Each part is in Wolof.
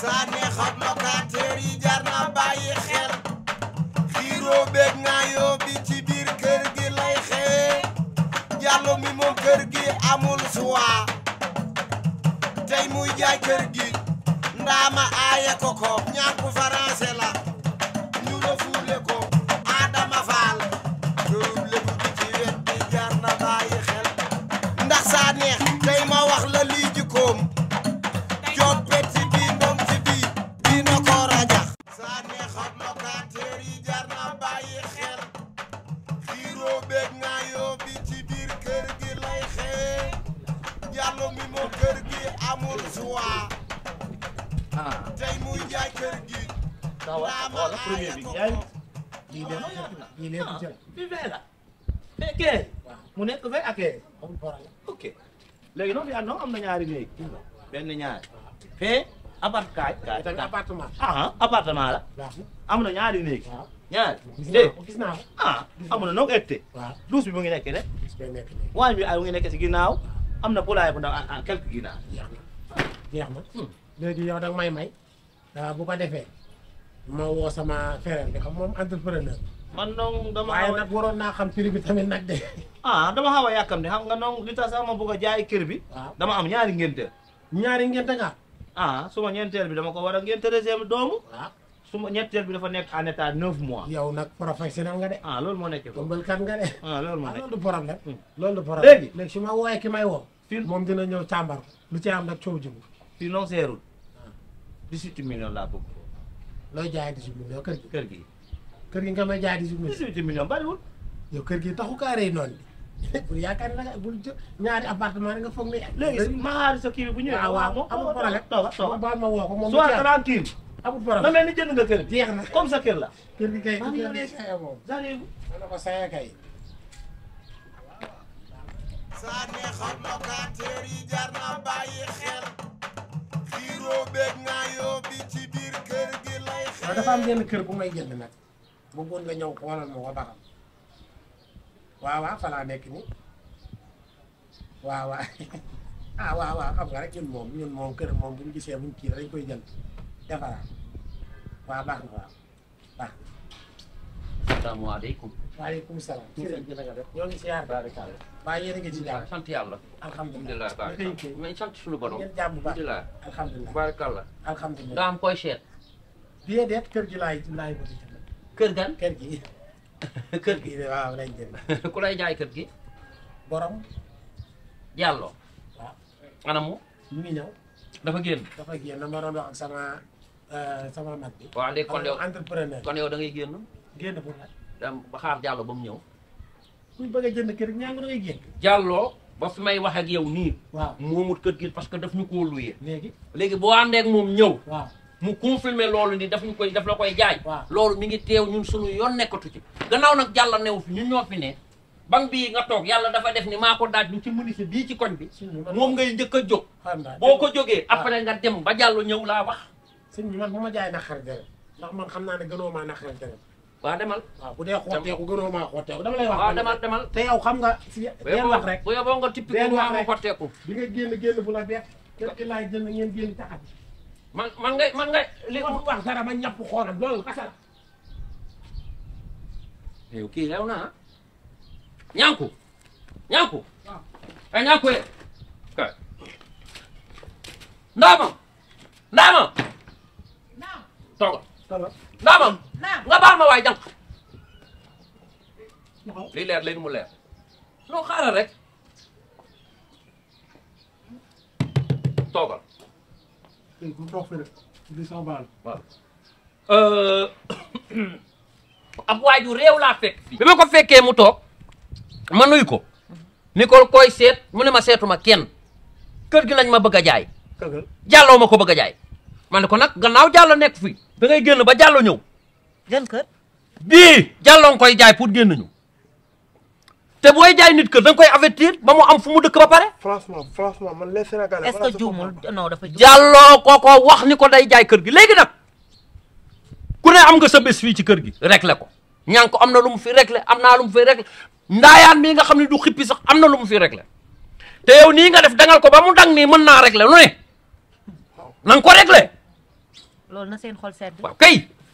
saa neexoon locataire yi jar na bàyyi xel xiiroo beeg nga yóbbi ci biir kër gi lay xewe jàllo mi moom kër gi amul suwaa tey muy jaay kër gi ndaama aaye ko ko ñàkku français la ñu refuule ko Adama Fall këru lépp ci wet bi jar na bàyyi xel ndax saa neex tey ma wax la am na ñaari néeg benn ñaari fee apart kaay kaay tamit appartement ah la am na ñaari néeg ñaari dégg gis naa ah am na noo ette douche bi mu ngi nekk de waañ bi ay ah, mu ngi nekk si ginnaaw am na poulailler bu ndaw en ah, ah, quelque ginnaaw jeex na hmm. léegi yow dag may may bu ko defee ma woo sama frère bi xam moom entrepreneur man noonu dama waaye nag waroon naa xam prix bi tamit nag de. ah dama xaw a yàkkam ne xam nga noonu li tax sax ma bëgg a jaay kër bi. dama am ñaari ngénteel. ñaari ngénte nga ah suma ñeenteel bi dama ko war a ngénte deuxième doomu. waaw suma ñetteel bi dafa nekk en état neuf mois. yow nag professionnel nga de. ah loolu moo nekkee foofu kat nga de. ah loolu moo ah, nekkee loolu du problème. Hmm. loolu du problème léegi léegi su ma wooyee ki may woo. fii moom dina ñëw càmbar lu ci am nag coow jiwu. fii non seerul. Ah. 18 millions laa bëgg. looy jaayee 18 millions kër gi kër gi. kër gi nga may jaay di suñu. 18 millions bariwul. yow kër gi taxu kaa rey noonu. pour yaakaar ne nag bul ñaari appartement nga foog ne. léegi ma xaar sa kii bu ñëwee. waaw waaw amul tooga tooga baal ma woo ko moom. soit tranquille. amul problème ma mel ni jënd nga kër na comme sa kër la. kër gi kay kër gi kay moom. ma ne ko saya yi jar na bàyyi xel. xiiroo beeg naa yoo ci biir kër gi lay xel. dafa am benn kër bu may jënd bëggoon nga ñëw xoolal ma ko ba xam waaw waaw fa laa nekk ni ah, waaw waaw xam nga rek ñun moom ñun moom kër moom bu ñu gisee buñ kii dañ koy jël defaraat waaw baax na waaw baax na. asalaamaaleykum. waaleykum salaam. ñoo ngi siyaar. waaw yéen a ngi jàmm. sant yàlla. alhamdulilah mais sant suñu borom. yéen jàmm bu baax alhamdulilah. barakallah. alhamdulilah daa am koy seet. kergan kerki kerki gi kër gi waaw lañ jël ku lay jaay kër gi borom jàlloo waaw anamu ñu ngi ñëw dafa génn dafa génn ma doon wax ak sama euh, sama mag bi waaw léegi kon yow entrepreneur kon yow da ngay génn génn pour la dem ba xaar jallo ba mu ñëw bëgg jënd kër gi ñaangu ngay génn jàlloo ba fi may wax ak yow kër gi parce que daf ñu ak waaw mu confirmer loolu ni daf ñu koy daf la koy jaay. loolu mi ngi teew ñun suñu yoon nekkatu ci. gannaaw nag jàlla newu fi ñun ñoo fi ne banque bii nga toog yàlla dafa def ni maa ko daaj lu ci menuisier bii ci koñ bi. moom ngay njëkk a jóg. boo ko jógee après nga dem ba jàll ñëw laa wax. sëñ bi man bu ma jaay naqari dërëm ndax man xam naa ne gënoo maa naqari dërëm. waaw demal. waaw bu dee xotteeku gënoo maa xotteeku dama lay wax. waaw demal demal te yow xam nga. si benn wax rek bu yeboo nga tippi bi nga génn génn bu la bett. te ki laay jënd ngeen génn taxat man man ngay man ngay li mu wax dara ma ñàpp xoolam loolu kasa la yow kii rew na ñànku ñànku ay ñànku ye kay ndaamam ndaamam tooga ndaamam nga baal ma waay jànk li leer léegi mu leer noo xaaral rek toogal Euh, ab waaju réew laa fekk fii. bi ma ko fekkee mu toog ma nuyu ko. ni ko koy seet mu ne ma seetuma kenn kër gi nañ ma bëgg a jaay. jàlloo ma ko bëgg a jaay. ma ne ko nag gannaaw jàllo nekk fi da ngay génn ba jàllo ñëw. jën kër. bii koy jaay pour génn ñu. te booy jaay nit kër da koy avertir ba mu am fu mu dëkk ba pare. franchement franchement man les Sénégalais. est-ce que juumul non dafa jàlloo kooko wax ni ko day jaay kër gi léegi nag ku ne am nga sa bés fii ci kër gi. réglé ko ña ko am na lu mu fi réglé am naa lu mu fi réglé ndaayaan mii nga xam ne du xippi sax am na lu mu fi réglé te yow nii nga def dangal ko ba mu dang nii mën naa réglé lu ne na nga ko réglé. loolu na seen xol sedd. waaw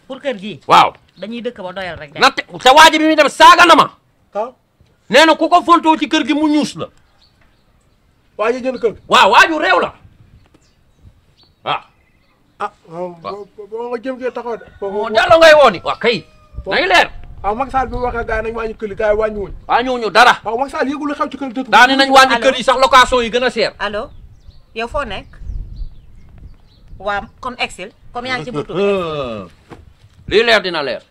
pour kër gi. waaw dañuy dëkk ba doyal rek. na te waa ji bi muy saaga na ma. nee na ku ko fontoo ci kër gi mu ñuus la. waa ji jënd kër waa ju rew la waaw. Ah. ah waaw boo nga woo ni waaw kay. nañu leer. waaw Macky Sall bi mu waxee gars yi nañu wàññi kër yi gars yi sax location yi gën a seer. allo yow foo nekk. waa kon exil comme yaa ci buntu. luy leer dina leer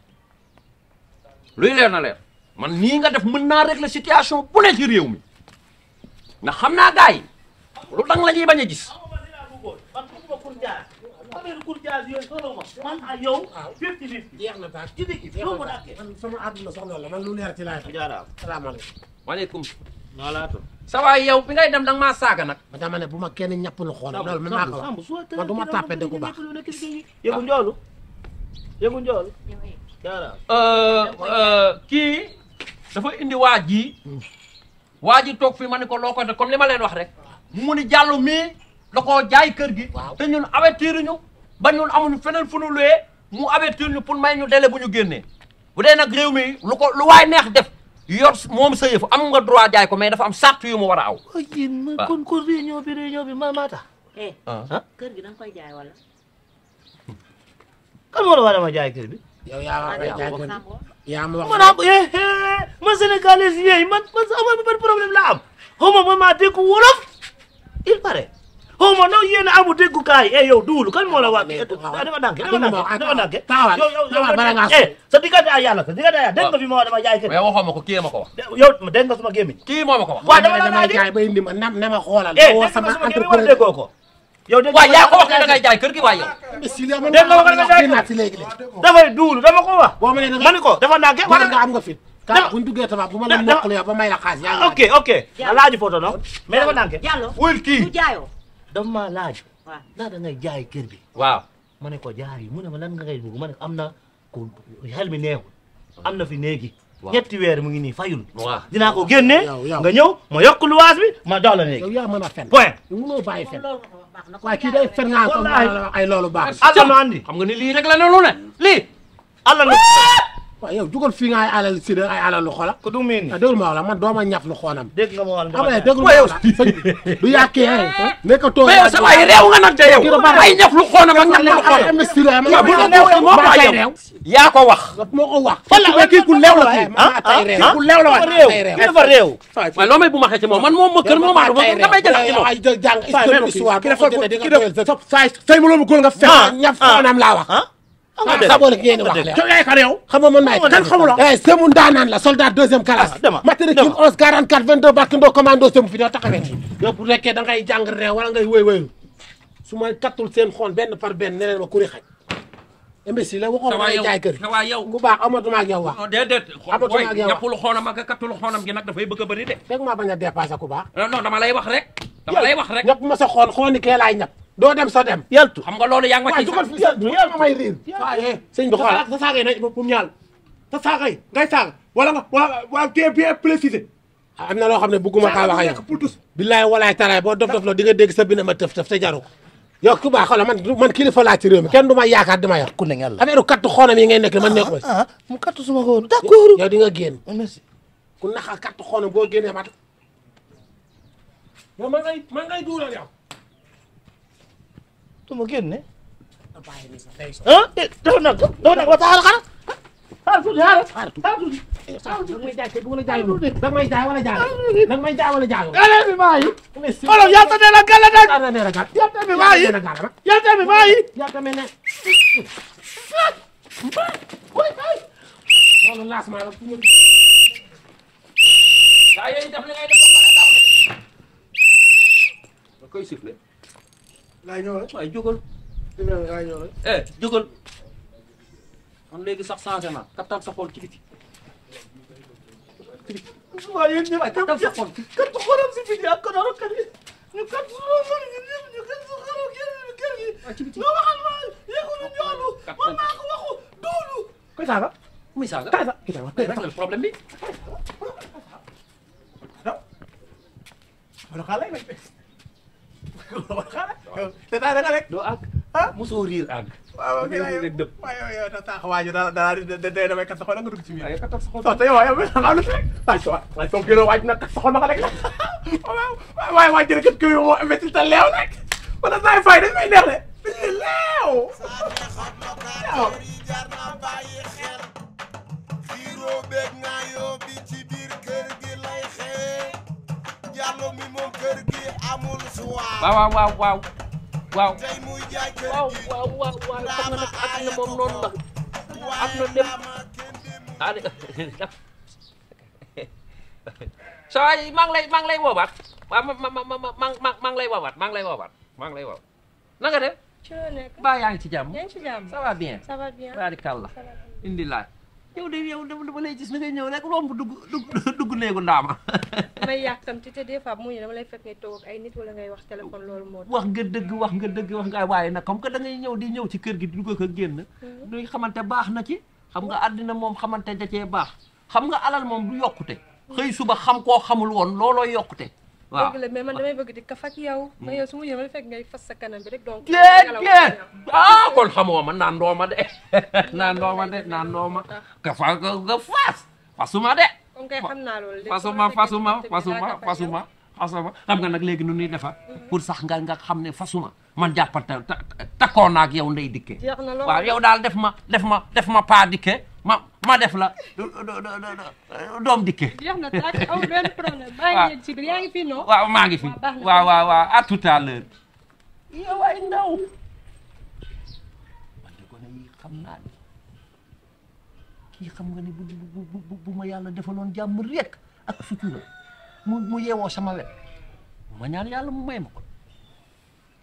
luy leer na leer. man nii nga def mën naa régler situation bu ne ci réew mi na xam naa lu dang lañuy bañ a gis. sa waay yow bi ngay dem maa saaga nag. ma dama ne bu ma kenn ñàpp lu maa ko wax du ma tàppe de ku baax. yëgu njoolu. yëgu njoolu. dafa indi waa ji waa ji toog fii ma ne ko loo ko def comme li ma leen wax rek mu ni jàllu mii da koo jaay kër gi. te ñun avertir ñu ba ñun amuñu feneen fu ñu luyee mu avertir ñu pour may ñu délai bu ñu génnee bu dee nag réew mi lu ko lu waay neex def. yor moom sa yëf am nga droit jaay ko mais dafa am sart yu mu war a aw. waaw kon kon réunion bi réunion bi ma maata. Eh, ah kër gi da nga koy jaay wala. kan moo la war a jaay kër bi. yow yaa war a jaay kër bi. yaa ma wax ma naa ah, eh, eh, ma sénégalais yooyu eh, man man sama ban problème la am xaw ma man maa dégg wolof il paraît xaw ma non yéen a amul déggukaay eh yow duulu kan moo la wax. waaw dafa dànke dafa dànke dafa dànke. taawal taawal bala ngaa eh sa diggante ak yàlla sa ma wax dama jaay ko kii ma ko wax. yow dégg nga gémmiñ. kii moo ma ko wax. waaw dama la laaj kii dama jaay ba indi ma na ma xoolal. woo sama entrepreneur eh dégg nga suma gémmiñ wala déggoo ko. yow dégg nga ko wax ne da jaay kër gi waay yow. ne da ngay jaay kër wax. ma nee ma ni ko dafa naa wala nga am nga fit. ka bu ñu duggee tamit bu ma la mokkale yow ba may ma laaj foto no mais dafa naa ngeen. Diallo wul kii dafa maa laaj. jaay kër bi. waaw ma ne ko jaay mu ne ma lan nga koy dugg ma ne am na ku xel mi neexul am na fi néegi ñetti weer mu ngi nii fayul. waaw dinaa ko génne. nga ñëw ma yokk luwaas bi ma dox la léegi. yow yaa mën a fen point. mënoo bàyyi fen waaye kii ay loolu baax. allah na andi xam nga ni lii rek la ne lu ne lii. allah na. waaw yow jugal fii nga ay alal si de ay alal lu xola ko du meen déglu ma wala man dooma ñaf lu xoonam dégg nga ma wala amay déglu ma wala du yàqee nekkatoo yow sa waay réew nga nag te yow ay ñaf lu xoonam ak ñaf lu xoonam amna si la ma bu la neex moo ko yow yaa ko wax moo ko wax wala kii ku leew la kii ah ku leew la wax dafa réew waaye loo may bu ma xëcc moom man moom ma kër moom ma da may jël ci moom ay jàng histoire ki dafa ki dafa say say mu lo mu gol nga fekk ñaf xoonam laa wax ah xamoo la génn wax la yaay kan yow xam nga man maay kan xamuloo eh semu ndaanaan la soldat deuxième classe ah, barke Ndo commando semu fi doo taxawee ci yow bu nekkee da ngay jàng reew wala ngay wéy wéyu su ma kattul seen xool benn par benn ne leen ma kuri xaj imbécile la waxoon ma jaay kër waaw yow ku baax amatuma ak yow wax déedéet amatuma ak nag dafay bëgg a bëri de fekk maa bañ a ku baax non dama lay wax rek ma sa xool xool ni kee doo dem sa dem. yaltu xam nga loolu yaa ngi ma ciy sax sa saagay na pour ñaal sa saagay ngay saag wala nga waaw tu es bien précisé. Ah, am na loo xam ne bëgguma kaa wax ak yow. billaay walaay talaay boo dof dof la di nga sa bi ne ma tëf te jaru ko. yow ku baax xoolal man man kilifa laa ci réew kenn du ma yaakaar dama yor. ku ne ngeen la affaire kattu xoonam yi ngay nekk man nekkul. ah ah mu kattu suma ko woon d'accord. yow di nga génn. merci ku naxa kattu xoonam boo génnee mat. yow man ngay man ngay duural su ma génne. ah dafa nag dafa nag waxtaan xaaral xaaral. xaaral tuuti xaaral xaaral tuuti. xaaral tuuti xaaral tuuti nag may jaay wala jaayoo nag may jaay wala jaayoo. gàllankoor bi maa yi. olof yàlla ne la gàllankoor. yàlla ne la gàll. yàlla ne maa yi yàlla ne maa yi. yàlla ne. loolu laas maa la fu mu. yaa yooyu daf la ngay def ba pare daw de. da koy siffler. laay ñëw rek waaye jógal. laay ñëw rek. eh jógal. man léegi sax changé naa kattan sa xol ci biti. waaye yéen ñëpp kattan sa si biti ak kadara kat yi ñu kat su loo mën ñu ñëpp ñu kat su xaru kër gi kër gi. waaw ci biti loo waxal ma yëgulu ñoolu. man naa ko waxu duulu. seetaan da nga rek doo àgg ah mosoo riir àgg waaw rek dëpp waaw yow yow taxawaay ji dana dana damay kat sa xol nga ci biir ay kat sa xol so na rek waaj na kat sa xol ma ko rek waaw waay waay jël kat kii moo investir te leew rek wala saay fay dañ may neex de dañuy yoo bi ci biir kër gi lay xee jàllo mi moom kër gi waaw waaw waaw waaw waaw waaw waaw waaw waaw xam nga nag àdduna moom noonu la am na lépp ah soo maa ngi lay maa ngi lay woowaat waaw ma ma ma ma ma maa ngi lay woowaat maa ngi lay woowaat maa ngi lay woowaat na nga def. ci loo nekk baa yaa ngi ci jàmm. yaa ngi ci jàmm ça va bien. ça va bien barikàlla indi laaj. yow de yow dama lay gis na ngay ñëw rek romb dugg dugg dugg néegu ndaama. may yàkkamti te des fois mu ñu dama lay fekk ngay toog ak ay nit wala wax téléphone loolu moo. wax nga dëgg wax nga dëgg wax nga waaye nag comme que da ñëw di ñëw ci kër gi dugg ko génn. Mm-hmm. duñ xamante baax na ci. xam nga àddina moom xamante da cee baax. xam nga alal moom du yokkute. xëy suba xam koo xamul woon looloo yokkute. waaw dëgg la mais man yow. Mm. mais fas sa kanam bi rek. donc déedéet ah, naan dooma de naan dooma de ah. naan dooma kafa fas fasuma de. fasuma fasuma fasuma fasuma fasuma xam nga nag léegi nu mm-hmm. pour sax nga nga xam ne fasuma. man jàppante takkoon naa ak yow ndey dikke iya, wa yow ya dal def ma def ma def ma pa dikke ma ma def la dom dikke jeex na taat amul problème. bàyyi ngeen ci biir yaa ngi fi non. wa maa ngi fi waaw waaw waaw à tout à l'heure. yow ay ndaw. man de gone yi xam naa ne xam nga ni bu bu bu ma yalla defalon jàmm rek ak sutura mu mu sama wet ma ñaan yalla mu may ma ko.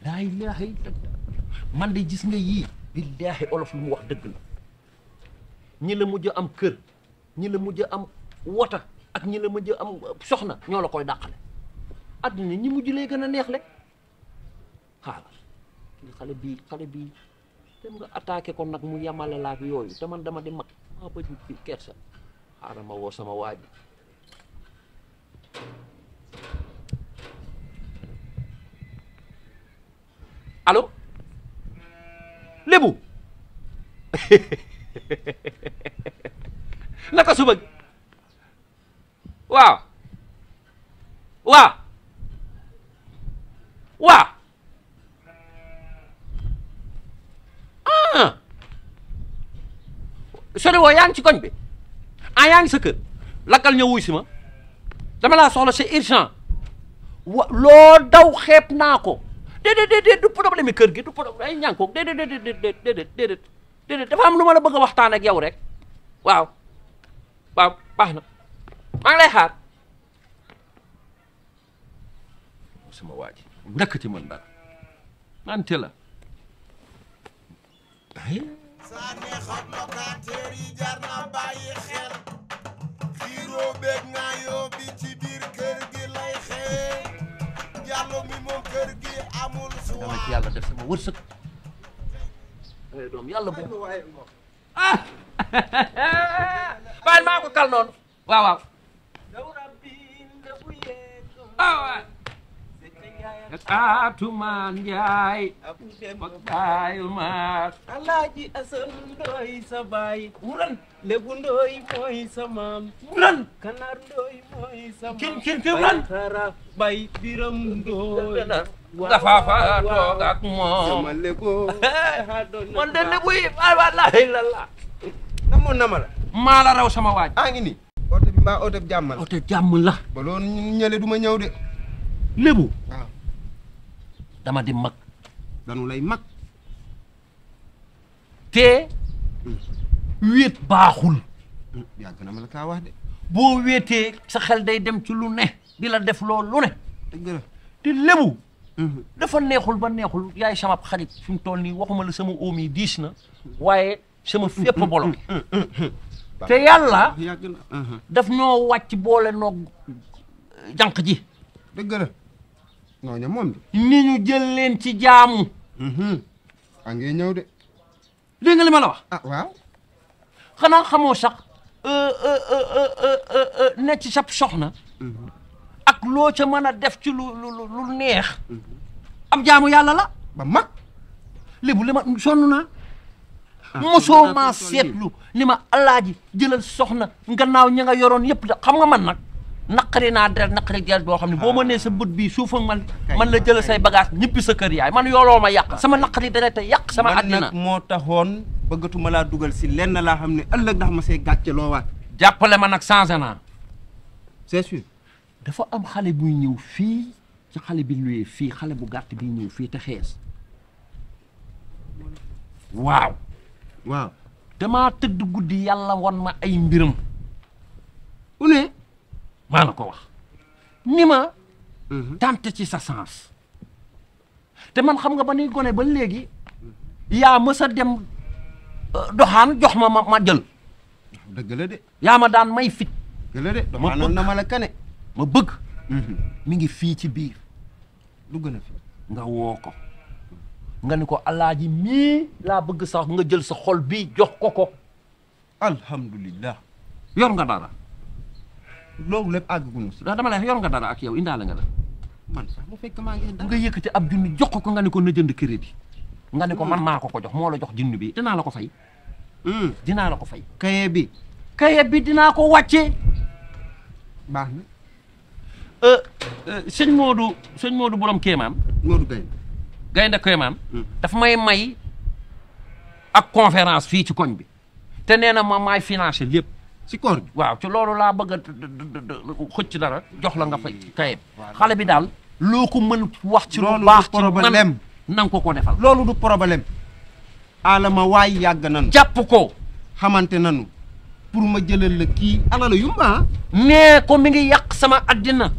laa ilaaha man de gis nga yii billaahi olof lu mu wax dëgg la ñi la mujj am kër ñi la mujj am wota ak ñi la mujj am soxna ñoo la koy dàqale adduna ñi mujj lay gën a neex le xaaral xale bii xale bii dem nga attaqué ko nag mu yemale laa yooyu te man dama di mag maa bëri kersa xaaral ma woo sama waa ji allo lébu naka suba waaw waaw waaw ah sori woo yaa ngi ci koñ bi ah yaa ngi sa kër lakkal ñëw wuy si ma laa soxla c'est urgent wa loo daw xeeb naa ko déedéet déedéet du problème kër gi du problème ay ñànkoog déedéet déedéet déedéet déedéet déedéet dafa am lu ma la bëgg a waxtaan ak yow rek waaw waaw baax na maa ngi lay xaar sama waa ji nekk ci man daal nante la saane xam locataire yi jar na bàyyi xel xiiroo beeg naa yoo bi ci biir kër gi lay xew Diallo mi moom kër gi amul suwa dama ci yàlla def sama wërsëg eh, doom yàlla bu ah baal maa ko kal noonu waaw waaw ah waaw Aatu maan Njaay mag baayu maar Alaaji Asan Ndooy sa baay wuran Lebu Ndooy mooy sa maam wuran Kanaar Ndooy mooy sa maam kin kin kin wuran Tara Bay Biram Ndooy dafaafa toog Lebu man Lebu yi wallaahi lalla na mu nama la maa la sama waaj aa ngi nii oto bi mbaa oto bi jàmm ma ñëw de Lebu waaw dama di mag. danu lay mag. te. wéet baaxul. Hmm, na ma la kaa wax boo weetee sa xel day dem ci lu ne bila def loo lu ne. dëgg la te lébu. Hmm. dafa neexul ba neexul yaay sama xarit fi mu tol nii waxuma la sama oom yi diis na waaye sama hmm, fépp bloqué. te yàlla daf ñoo wàcc boole noog jànq ji. dëgg ñooñu moom de. ni ñu jël leen ci jaamu. Mhm. a ngi ñëw de. dégg nga li ma la wax. ah waaw. xanaa xamoo sax euh, euh, euh, ne ci sab na mhm. ak loo ca mën a def ci lu lu lu neex. am mhm. jaamu yàlla la ba mag. lébu li ma sonn naa. Ah, mosoo maa lu ni ma alaaji jëlal soxna gannaaw ña nga yoroon yëpp de xam nga man nag. nakari na der nakari jeel bo xamni bo boo ma nee sa bout bi souf ak man man la jël say bagage ñepp sa kër yaay man ma yak sama nakari dara tay yak sama nak mo taxone bëggatuma la duggal ci lenn la xamni ëlëk ndax ma sey gatché lo waat jappalé ma nak changé c'est sûr dafa am xalé bu ñew fi, ci xalé bi luyee fi xalé bu wow. bi ñew fi ta xéss waaw waaw dama tedd guddii yalla won ma ay mbirum une mana ko wax ni ma tante ci sa sens te man xam nga ba nuy gone ba légui ya mës a dem euh, dohan jox ma ma djel deug la de ya ma dan may fit deug la de non na mala kané ma bëgg mhm. mi ngi fi ci biir lu gëna fi nga wo ko nga ni ko alaaji mi la bëgg sax nga djel sa xol bi jox ko ko alhamdulillah yor nga dara loolu lépp àgguñu si. ndax dama lay wax yor nga dara ak yow indaale nga la man sax fekk maa ngi nga yëkkati ab junni jox ko nga ne ko na jënd crédit nga ne ko hmm. man maa ko ko jox moo jox junni bi dinaa la ko fay. Hmm. dinaa la ko fay. kaye bi. kaye bi dinaa ko wàcce baax na. Euh, euh, sëñ Modou sëñ Modou borom Kéemaan. Modou Gaynde. Gaynde hmm. may may ak conférence fii ci koñ bi. te nee na ma maay financé lépp. si koor waaw ci loolu laa bëgg a xëcc dara jox la nga fay kayit xale bi daal loo ko mën wax ci lu baax ci ma nanga ko ko defal loolu du problème alama waay yàgg nanu jàpp ko xamante nanu pour ma jëlal la kii alala yu ma nee ko mi ngi yàq sama addina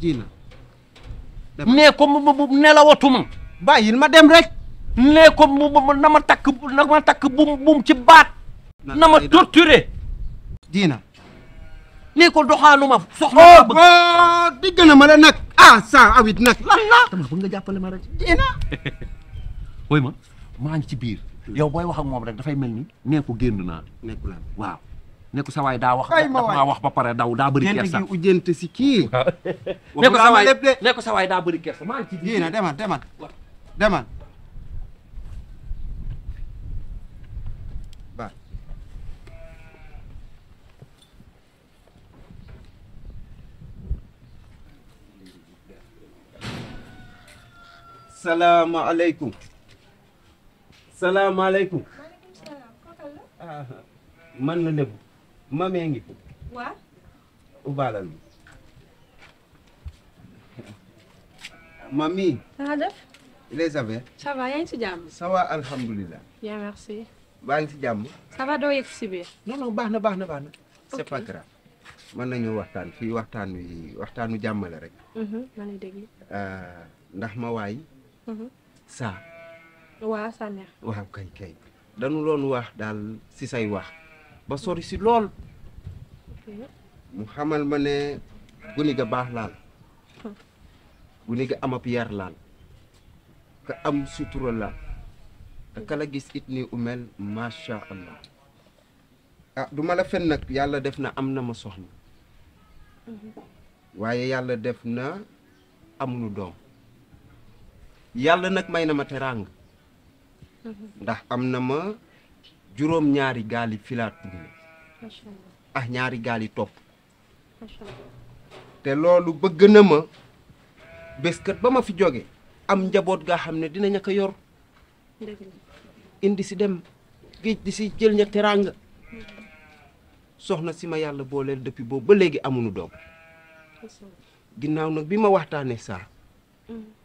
ji na nee ko mu nelawatuma bàyyil ma dem rek nee ko mu na ma takk na ma takk bum bum ci baat na ma torturé diina ni ko doxaaluma soxla ba oh, oh, digg na ma la nag ah saa awit nag lan la dama bëgg nga jàppale ma rek diina woy ma maa ngi ci biir yow booy wax ak moom rek dafay mel ni nee ko génn naa nekku la waaw ne ko sa waay daa wax maa wax ba pare daw daa bëri kersa gént gi ujjante si kii ne ko sa waay ne ko daa bëri kersa maa ngi ci biir diina demal demal demal Assalamualaikum, assalamualaikum. man la Ndebou. mamee ngi. Wa, ubaalal ma. mami. na ah, def. Elisabeth. ça va yaa ci jamm. ça va alhamdulilah. bien ya, merci. baa ngi si jàmm. ça va do yek ci biir. non non baxna baxna baxna. c'est pas grave. Man nañu waxtaan fi waxtaan wi waxtaanu la rek. Mhm, maa ngi dégg. Ah, ndax ma waay. Mm-hmm. sa waa sànneex waaw kay kay dañu lon wax dal si say wax ba sori si lol mu xamal mané guni ga bax guni ga am ka am sutura la mm-hmm. kala gis itni ni umel sha allah ah duma la fen nak yalla def na am ma soxna mm-hmm. waye yalla def na yàlla nag may na ma teraanga ndax am na ma juróom ñaari gaal yi filaat ak ah, ñaari gaal yi topp te loolu bëgg na ma béskat ba ma fi jóge am njaboot gaa xam ne dinañ ko yor indi si dem géej di si jël ña teraanga soxna si ma yàlla booleel depuis boobu ba léegi amulu doom ginnaaw nag bi ma waxtaanee saa mm.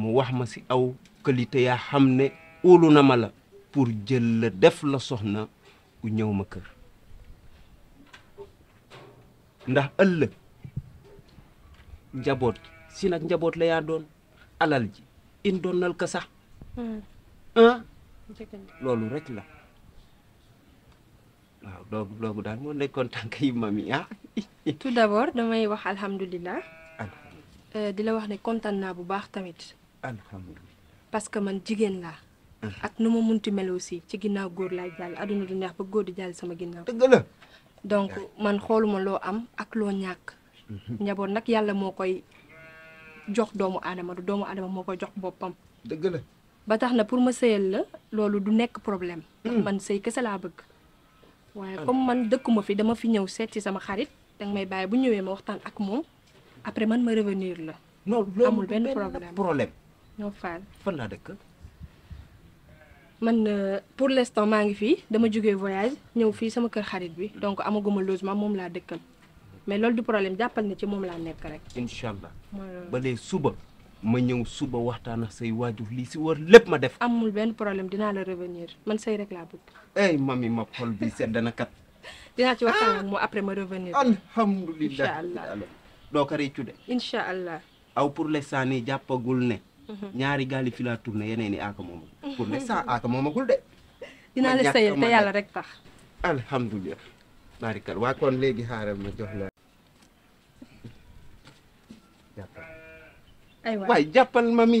mu wax ma si aw qualité yaa xam ne óolu na ma la pour jël la def la soxna ku ñëw ma kër ndax ëllëg njaboot si nag njaboot la yaa doon alal ji in doonal ko sax hmm. loolu rek la waaw doogu doogu daal moo nekkoon tànk yi mam yi ah tout d'abord damay wax alhamdulilah euh, di la wax ne kontaan naa bu baax tamit Pas parce que man jigen la ak numu muntu munti mel aussi ci ginnaaw góor lay jall aduna du neex ba góor di jall sama ginnaaw deug la donc man xoluma lo am ak lo ñak mm-hmm. njaboot nak yalla mo koy jox doomu adama du doomu jok mo koy jox bopam deug la ba tax na pour ma seyel la du nek problème mm. man sey kessa la bëgg waye comme man dekkuma fi dama fi ñew setti sama xarit dang may baye bu ñewé ma waxtaan ak mom après man ma revenir la amul ben problème ñoom Fall fan laa dëkk. man euh, pour l'instant maa ngi fii dama jógee voyage ñëw fii sama kër xarit bi donc amaguma logement moom la dëkkal mais loolu du problème jàppal ne ci moom laa nekk rek. incha allah ba léegi suba ma ñëw suba waxtaan ak say waajur lii si war lépp ma def. amul benn problème dina la revenir man say rek laa bëgg. ay mami ma xol bi sedd na kat. dina ci waxtaan ak après ma revenir. alhamdulilah incha allah doo ko réccu au incha allah aw pour l'instant nii jàppagul ne. ñaari mm-hmm. gali fi laa tourné yeneen i aaka moom pour ne saa aaka moomagul de dinaa la sayal te yàlla rek tax alhamdulilah barikal waa kon léegi xaaral ma jox la aywa mami jàppal ma mi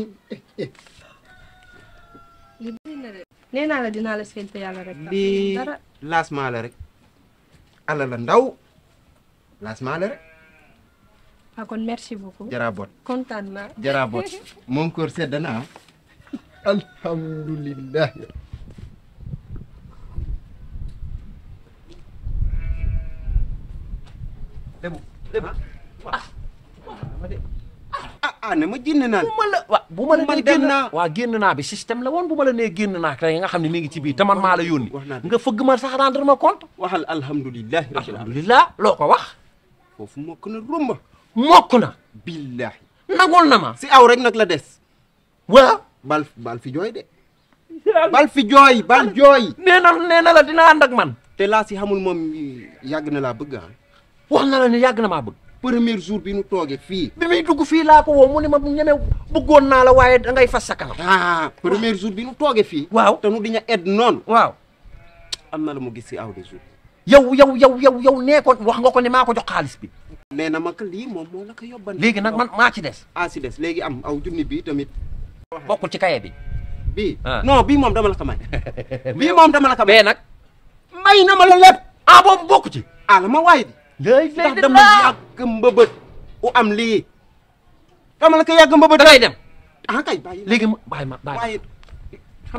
nee naa la dinaa la sayal te yàlla rek tax la rek ala la ndaw laas la rek Ah, kon merci beaucoup. jaraabot kontaan moom koor sedd na ah. alhamdulilah. lébu lébu ah. Ah, ah. ne ma génn naa. bu ma la bu ma la nee génn waa waaw génn naa bi système la woon bu ma la nee génn naa tey nga xam ne mi ngi ci biir te maala maa la yónni. nga fëgg ma sax rendre ma compte. waxal loo ko wax. foofu moo gën a romb. mokk na. billahi nagul na ma. si aw rek nag la des. waaw. bal bal fi jooy de. bal fi jooy bal jooy. nee na la dina ànd man. te laa si xamul moom yàgg na laa bëgg ah. na la ne yàgg na maa bëgg. premier jour bi nu toogee fii. bi muy dugg fii laa ko woo mu ne ma ñeme bëggoon naa la waaye dangay ngay fas sa kanam. ah jour bi nu toogee fii. waaw te nu di ñu edd noonu. waaw. am na la mu gis si aw de jour. yow yow yow yow nee ko wax nga ko ne maa ko jox xaalis bi. mais na ma ko lii moom moo la ko yóbban. léegi nag man maa ci des. ah si des léegi am aw junni bi tamit. bokkul ci kaye bi. bii ah. bii moom dama la ko may. bii moom dama la ko may may na ma la lépp. ah boobu bokku ci. ah la ma waay di. léegi ndax dama yàgg mbëbët u am lii. dama la ka yàgg mbëbët. da ngay dem ah kay bàyyi ma léegi bàyyi ma bàyyi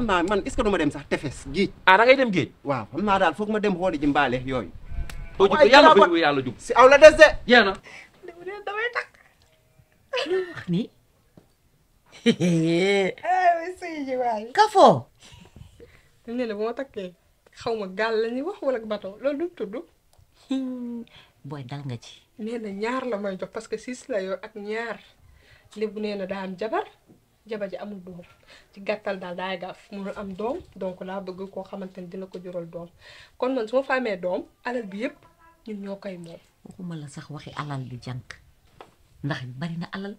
naa man est-ce ma dem sax tefes géej. ah da dem géej. waaw xam naa daal foog ma dem xooli ji mbaale yooyu. boo yàlla bëriwul yàlla jub si aw la des de. jeex na. damay takk. lu wax ni. Ah, kafoo. takkee xaw ma gaal la ñuy wax wala bato loolu du tudd. booy dal nga ci. nee ñaar la may jox parce que six la yoo ak ñaar lébu nee na daa am jabar jabar ji amul doom ci gàttal daal daay gaaf mënul am doom donc laa bëgg koo xamante ni dina ko jural doom kon man su ma fa doom alal bi yëpp ñun koy moom. waxuma la sax waxi alal di jànk ndax bari na alal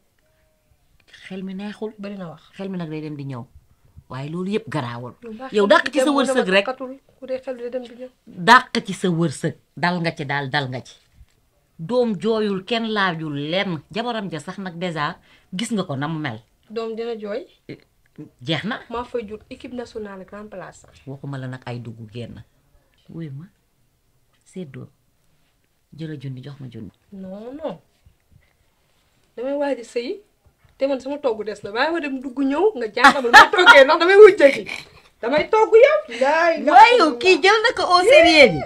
xel mi neexul. bari na wax xel mi nag day dem di ñëw waaye loolu yëpp garaawul. yow dàq ci sa wërsëg rek dàq ci sa wërsëg. dal nga ci daal dal nga ci. doom jooyul kenn laajul lenn jabaram ja sax nag dèjà gis nga ko na mel. doom dina jooy. E, jeex na. maa fay jur équipe nationale grand place. waxuma la nag ay dugg génn. wuy ma séddoo jëla junni jox ma junni. non non damay waaj a sëyi te man sama togg des na bàyyi ma dem dugg ñëw nga jaaxal ma toggee ndax damay wujje gi kii jël na ko au sérieux bi.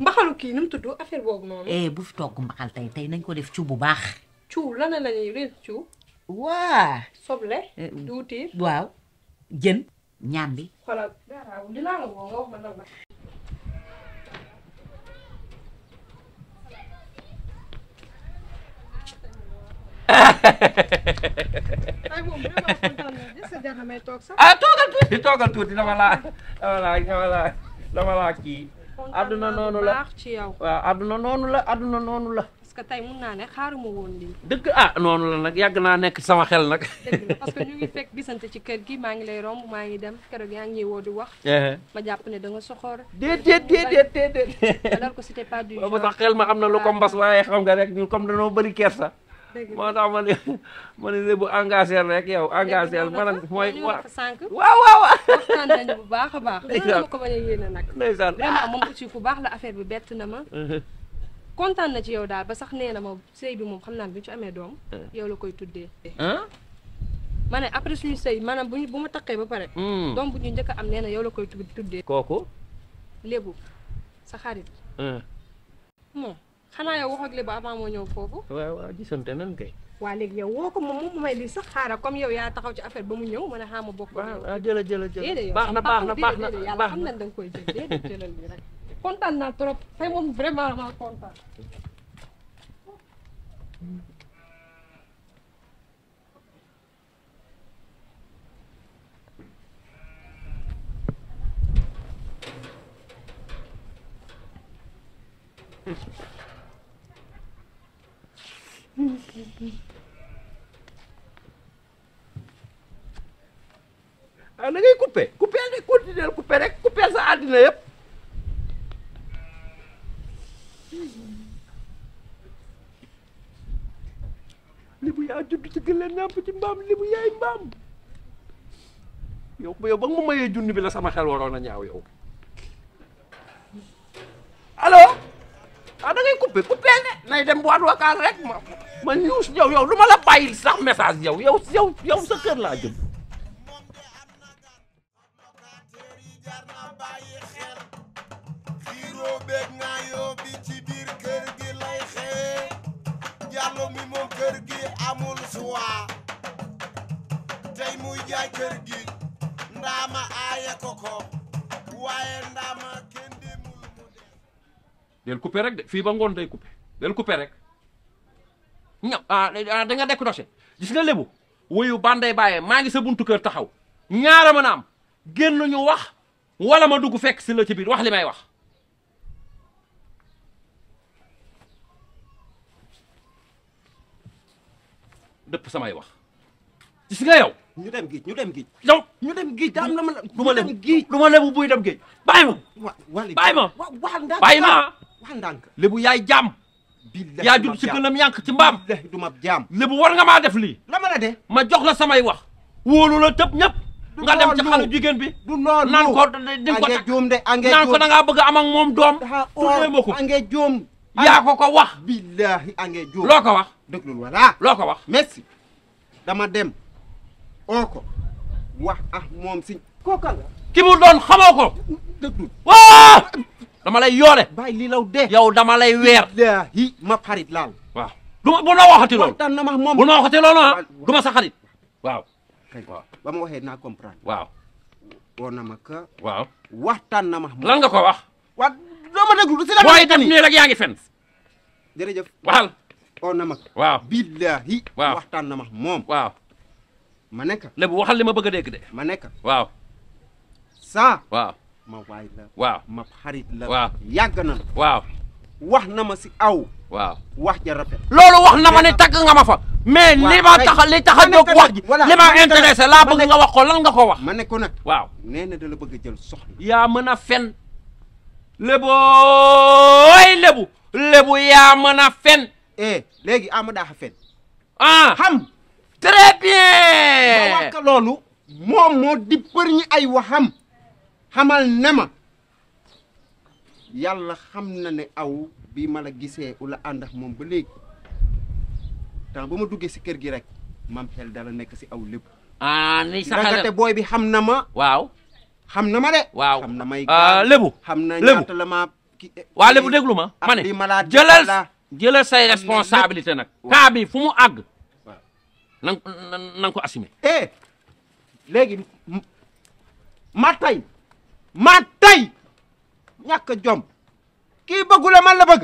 mbaxalu kii nu mu tudd affaire boobu noonu. eh bu fi togg mbaxal tey tey nañ ko def cu bu baax. cu lan la ñuy réer cu. waa. soble. Eh, duuti waaw jën. ñaam bi. ah tuuti toogal kan tuuti kan dama laa dama laa dama laa dama laa kii àdduna noonu la waaw àdduna noonu la àdduna noonu la parce que tey mun naa ne xaaruma woon lii dëgg ah noonu la nag yàgg ya naa nekk sama xel nag parce que ñu ngi fekk gisante ci kër gi maa ngi lay romb maa ngi dem keroog yaa ngi ñuy woo di wax ma jàpp ne da nga soxoor déedéet déedéet déedéet alors que c'était pas du genre ba tax xel ma am na lu ko mbas waaye xam nga moo tax ma ne ma ne bu engagé rek yow engagé maanaam mooy. waaw waaw waxtaan nañu bu baax a baax. ndeysaan ma ko bañ a yéene nag. baax la affaire bi bett na ma. Uh-huh. kontaan na ci yow ba sax nee na ma sëy bi moom xam naa bi ci amee doom. Uh-huh. yow la koy tuddee. ma ne après suñu sëy maanaam bu ñu bu ma taqee ba pare. Hmm. doom bu ñuy njëkk am nee na yow la koy tuddee. kooku. lébu sa xarit. Uh-huh. moom. xanaa yow wax ak Liba avant moo ñëw foofu. waaw waaw gisante kay. waa léegi yow woo ko moom mu may lii sax xaaral comme yow yaa taxaw ci affaire ba mu ñëw ma ne xaaral ma bokk. waaw waaw jëla jëla jëla baax na baax na baax na yàlla xam na da koy jël déedéet jëlal bi rek. kontaan naa trop tey moom vraiment maa ah da ngay coupé coupé de continuer coupé rek coupé sa àddina yëpp li bu yaa judd ci gën leen nàmp ci mbaam li bu yaay mbaam yow yow ba nga ma mayee junni bi la sama xel waroon a ñaaw yow allo ah da ngay coupé coupé ne nay dem boîte vocale rek ma man ñuus yow yow du ma la bàyyil sax message yow yow yow sa kër laa jëm jaay kër gi ndaama aaye ko ko waaye ndaama del coupé rek de fii ba ngoon day coupé del coupé rek ña ah, ah da nga décroché gis nga lébu wuyu banday bàyyee maa ngi sa buntu kër taxaw ñaara mën a am génn ñu wax wala ma dugg fekk si la ci biir wax li may wax dëpp samay wax gis nga yow ñu dem géej ñu dem géej yow ñu dem géej da am na ma du ma lebu buy dem géej bàyyi ma bàyyi ma bàyyi ma lebu yaay jaam ya jub si gënam yànk ci mbaam du ma jaam lébu war nga maa def lii la ma la de ma jox la samay wax wóolu la tëb ñëpp nga dem ci xale jigéen bi du noonu naan ko di ko takk juum de ange naan ko da ngaa bëgg am ak moom doom tuddee ma ko ange juum ko ko wax billahi ange juum loo wax déglul voilà loo ko wax merci dama dem ah moom si kooka la ki mu doon dama lay yoole. bàyyi lii law dee. yow dama lay weer. yi ma xarit laal. waaw du ma bu ma waxati loolu. na ma moom bu ma waxati loolu ah du ma sa xarit waaw. waaw ma waxee naa comprendre. waaw. woo na waxtaan na ma. lan nga ko wax. waaw doo ma déglu si la. booy def nii yaa ngi fen. jërëjëf. waxal. oo ma. waaw billahi. waaw waxtaan na ma moom. waaw. ma nekk. léegi waxal li ma bëgg a dégg de. ma nekk. waaw. waaw. ma waaw ma xarit la waaw yàgg na waaw wax na ma si aw waaw wax ja rafet loolu wax na ma ne tagg nga ma fa mais li ma tax li tax a jóg wax ji li ma intéressé laa bëgg nga wax ko nga ko wax ma ne ko waaw nee na da la bëgg a jël soxna yaa ma a fen lébooy lébu lébu yaa mën a fen eh léegi ama daa xa fen ah xam wax loolu xamal nema yalla xamna ne aw bi mala la wala andax mom ba léegi ta ba duggé ci kër gi rek mam xel dara nek ci aw lepp ah ni sax ndagate boy bi xamna ma. waw xamna ma dé waw xamna may. ah lebu xamna ñatt la ma. Eh, wa lebu dégluma mané jëlal jëlal say responsabilité nak ka bi fu mu ag nang nang ko assumer eh léegi matay maa tay ñàkk jom kii bëggule man bëgg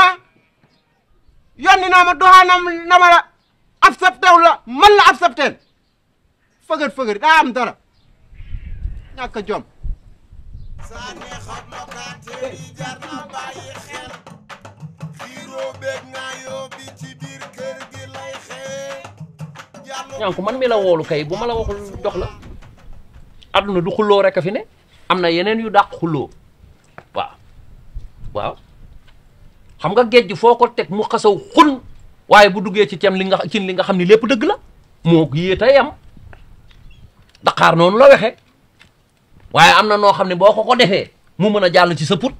ah yonni naa ma doxaanam na ma la accepté wu la man la daa am dara ñàkk jom saane xam locataire yi jar na bàyyi xel xiiroo beeg naa yoo bi ci gi lay xee ñànku man mi la woolu kay bu ma la waxul la àdduna du xulloo rek a fi ne am na yeneen yu dàq xulloo waaw waaw xam nga géej gi foo ko teg mu xasaw xun waaye bu duggee ci cem li nga cin li nga xam ni lépp dëgg la moo yée tey am daqaar noonu la wexe waaye am na noo xam ne boo ko ko defee mu mën a jàll ci sa put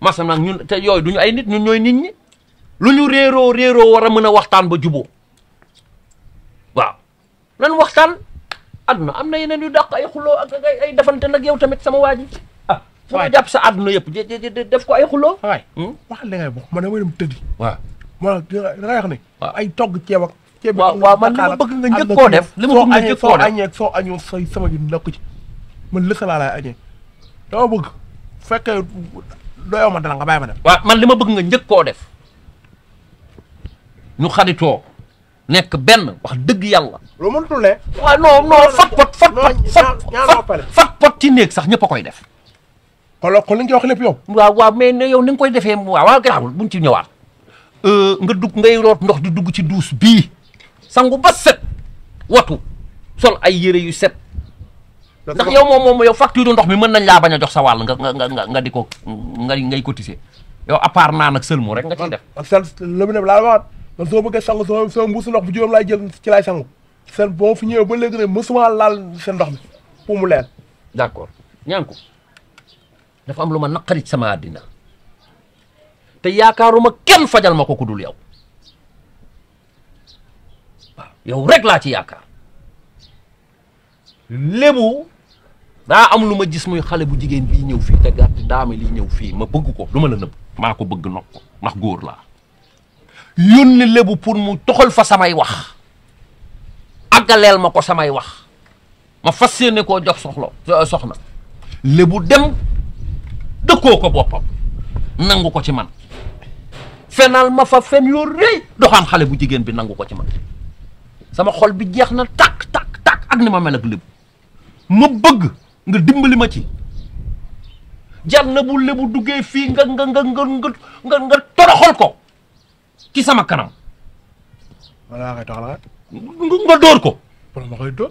masam nag ñu te yooyu duñu ay nit ñu ñooy nit ñi lu ñu réeroo réeroo war a mën a waxtaan ba juboo waaw nan waxtaan àdduna am na yeneen yu dàq ay xuloo defante nag yow tamit sama waa ji ah waay jàpp sa yëpp def ko ay xuloo waay hmm? wax li ngay wax man da ngay ne ay togg ceeb ak waaw man li ma bëgg nga njëkk koo def li ma bëgg nga njëkk koo def soo añee soo sama ji nekk ci man lësalaa laay añee dama bëgg ma dara nga bàyyi ma man li ma bëgg nga njëkk koo def ñu nek ben wax deug yalla lo mëntul ne wa non non fat pot fat pot fat pot ci nek sax ñepp koy def lo ko li nga wax lepp yow wa wa mais ne yow ni koy defé wa wa graawul buñ ci ñëwaat euh nga dug ngay rot ndox di dug ci douce bi sangu ba set watu sol ay yere yu set ndax yow mom mom yow facture ndox mi mën nañ la baña jox sa wal nga nga nga nga diko nga ngay cotiser yow à part naan ak seul mo rek nga ci def ak le la wat man soo bëggee sangu soo soo mbuusu ndox bi juróom laay jël ci laay sangu seen boo fi ñëwee ba léegi ne mësuma laal seen ndox mi pour mu leer. d' accord ñaanku dafa am lu ma naqari ci sama àddina te ma kenn fajal ma ko ku dul yow waaw yow rek laa ci yaakaar lébu daa am lu ma gis muy xale bu jigéen bii ñëw fii te gàtt daame lii ñëw fii ma bëgg ko lu ma la nëbb maa ko bëgg nokk ndax góor laa. yónni lebu pour mu tokhol fa samay wax agalel ma samay wax ma fas euh, ko jox soxlo soxna lebu dem de ko bopam nangu ko ci man fenal ma fa fen yoo do xam xale bu jigen bi nangu ko ci man sama xol bi jeexna tak tak tak ak ni ma mel ak lebu ma beug nga dimbali ma ci jarna bu lebu duggee fi nga nga nga nga nga nga toroxal ko ci sama kanam wala nga tax la nga door ko wala ma koy door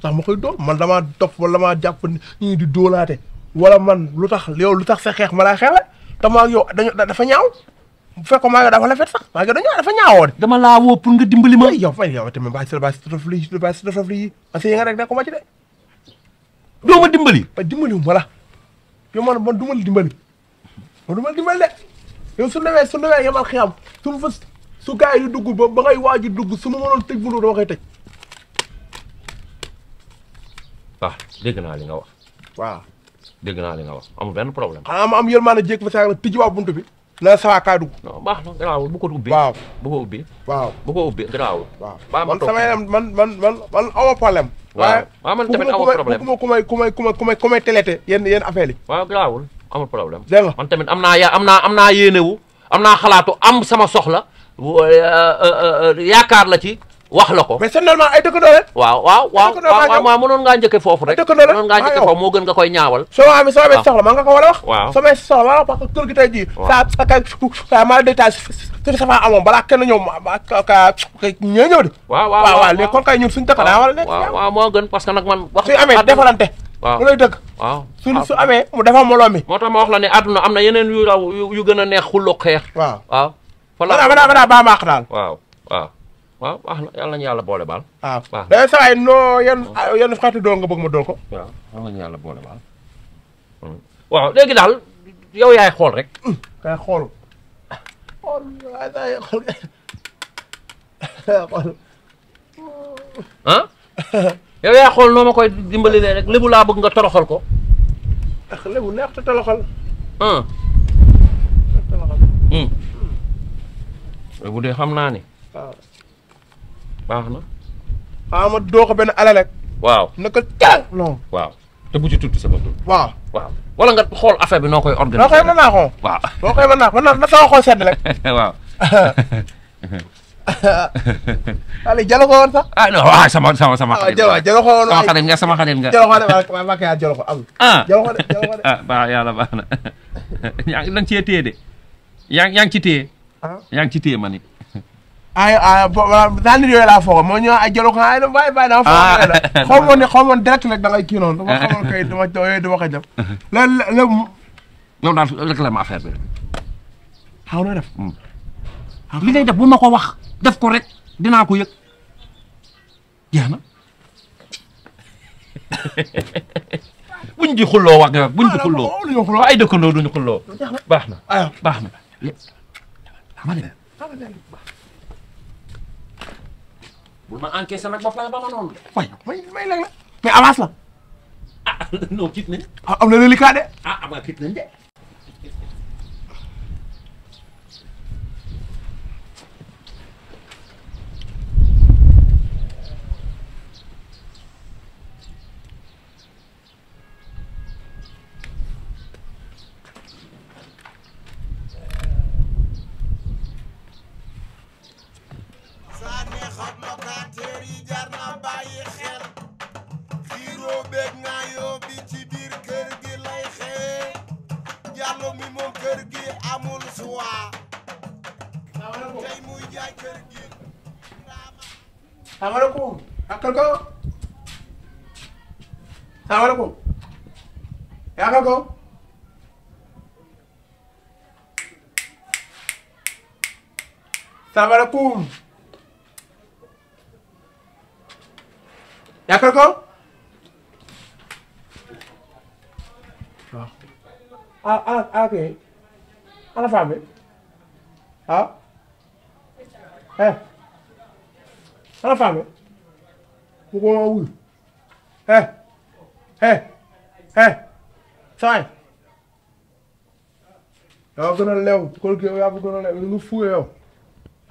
tax ma koy door man dama top wala ma japp ni di dolaté wala man lutax yow lutax sa xex ma ta ma ak yow dafa ñaaw bu fekko maa dafa la fet sax maa dañu dafa ñaawoo de dama laa woo pour nga dimbali ma yow fay yow tamit baa si baa si daf lii baa si daf lii parce que nga rek nekkuma ci de doo ma dimbali ba dimbali ma yow man man du ma la dimbali man du ma la dimbali de yow su newee su newee yemal xiyam su ma fa su gars yi dugg ba ba ngay waaju dugg su ma mënoon tëj bu dama koy tëj. waaw naa li nga wax. waaw dégg naa li nga wax amul benn problème. xanaa ma am yërmaane jékki ba saa yàlla tijji waa buntu bi. na sa waa kaa dugg. non baax na garaawul bu ko ubbi. waaw bu ko ubbi. waaw bu ko ubbi garaawul. waaw man sama man man man man awa problème. waaw waaw man tamit awa problème ku ma ku may ku may ku may ku may télété yenn yenn affaire yi. amul problème. dégg am na ya am am na yéenewu am naa xalaatu am sama soxla euh, euh, euh, yaakaar la ci. wax la ko mais c'est normal ay dëkkandoo la. waaw waaw waaw waaw mënoon ngaa njëkkee foofu rek. dëkkandoo la mënoon ngaa nga koy ñaawal. soo amee soo amee nga ko war a wax. waaw soo amee soxla waaw parce que kër gi tey jii. waaw sa ka sa ma détaillé si sa fa amoon balaa kenn ñëw ma ka ñëw de. waaw waaw kay ñun suñu dëkk daa war a nekk. waaw waaw moo gën parce que nag man. wax suñu amee defalante. waaw mu lay dëgg. waaw su ah. su amee mu dafa mbooloo moo tax ma wax la ne àdduna am na yeneen yu raw yu gën a neex xullu xeex. waaw waaw. fa la ma naa baa maax daal. waaw waaw. waaw wax na yàlla nañu yàlla boole baal. waaw ah, waaw mais ma doon ko. yàlla nañu yàlla léegi daal yow yaay xool rek. Hmm. kay xool. ah. yow yaa xool noo ma koy dimbali lee rek lébu laa nga toroxal ko. ah lébu neex te toroxal. lébu de xam naa ne. waaw. baax na. ah ma doo ko benn alal rek. waaw naka teel. non waaw te bu ci tudd sama tur. waaw waaw. wala nga xool affaire bi noo koy. organiser noo koy mën naa ko. waaw noo koy mën naa ko na sama xol sedd rek. waaw. Aliou jëloon ko woon sax. ah non waaw sama sama sama. ah jëloon jëloon ko woon sama xarit nga sama xarit nga. jëloon ko de waaw maa ngi jëloon ko amul. ah jëloon ah. ko de jëloon ko de. ah baax yàlla baax na yaa ngi danga cee téye de yaa ngi yaa ngi ci téye. yaa ngi ci téye ma ni. ay ah bo daal nit yooyu laa foog moo ñëw ay jëloon ko ay bàyyi bàyyi dama foog. ah xaw ma woon ne xaw ma woon direct rek da ngay kii noonu. dama xamoon kay dama yooyu dama ko jëm. loolu la la mu. ñoom daal réclame affaire bi rek. xaw na def. li ngay def bu ma ko wax def ko rek dinaa ko yëg jeex na buñ di xulloo wax nga buñ di xulloo buñ xulloo ay dëkkandoo duñu xulloo baax na baax na xama ne bul ma encaissé nag ba pare ba ma noonu way may may lag la mais avance la ah non kit ne ah, am na reliquat de ah am na kit nañ de jar na bàyyi xel xiiroo beeg naayoo bi ci biir kër gi lay xee mi moom kër gi amul suwa tey muy jaay kër gi salaamaaleykum akal ko salaamaaleykum yaakal ko salaamaaleykum yaakaar ko waaw ah. Ah, ah ah ok ana femme bi ah eh ko wul eh eh eh saay yow gën a leew kóol gi yow yaa ko gën a leew lu fuwe yow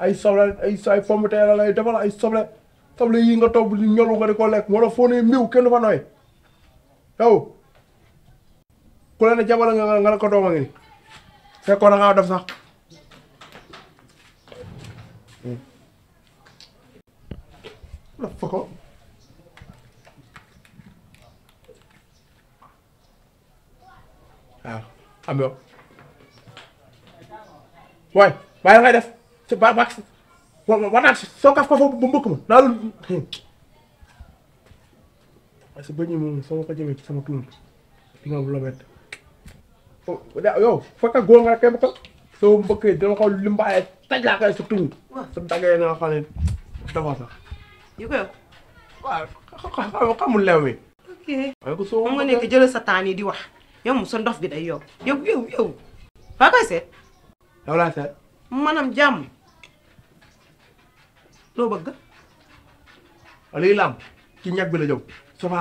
ay soble ay ay pomme de terre la lay soble table yi nga toog di ñolu nga di ko lekk wala foo ne mbiw kenn du fa nooy yow ku leen jabal nga nga ko dooma ngi ni fekkoon na ngaa def sax def ko waaw am yow waay waaye la ngay def ci baax waɗata so kaf ko fof bo mbokku ma naalo so bañi mum somo ko jami sama tumum ɗigam lobedde oh, yo fokka gonga kemba ko so mbokke dama ko limbaye tajla tumu so dagay na nga nekk jëlal sa yi di wax yow moom sa ndof bi day yow yow loo bëgg lii làmp ci ñag bi la jëm soo fa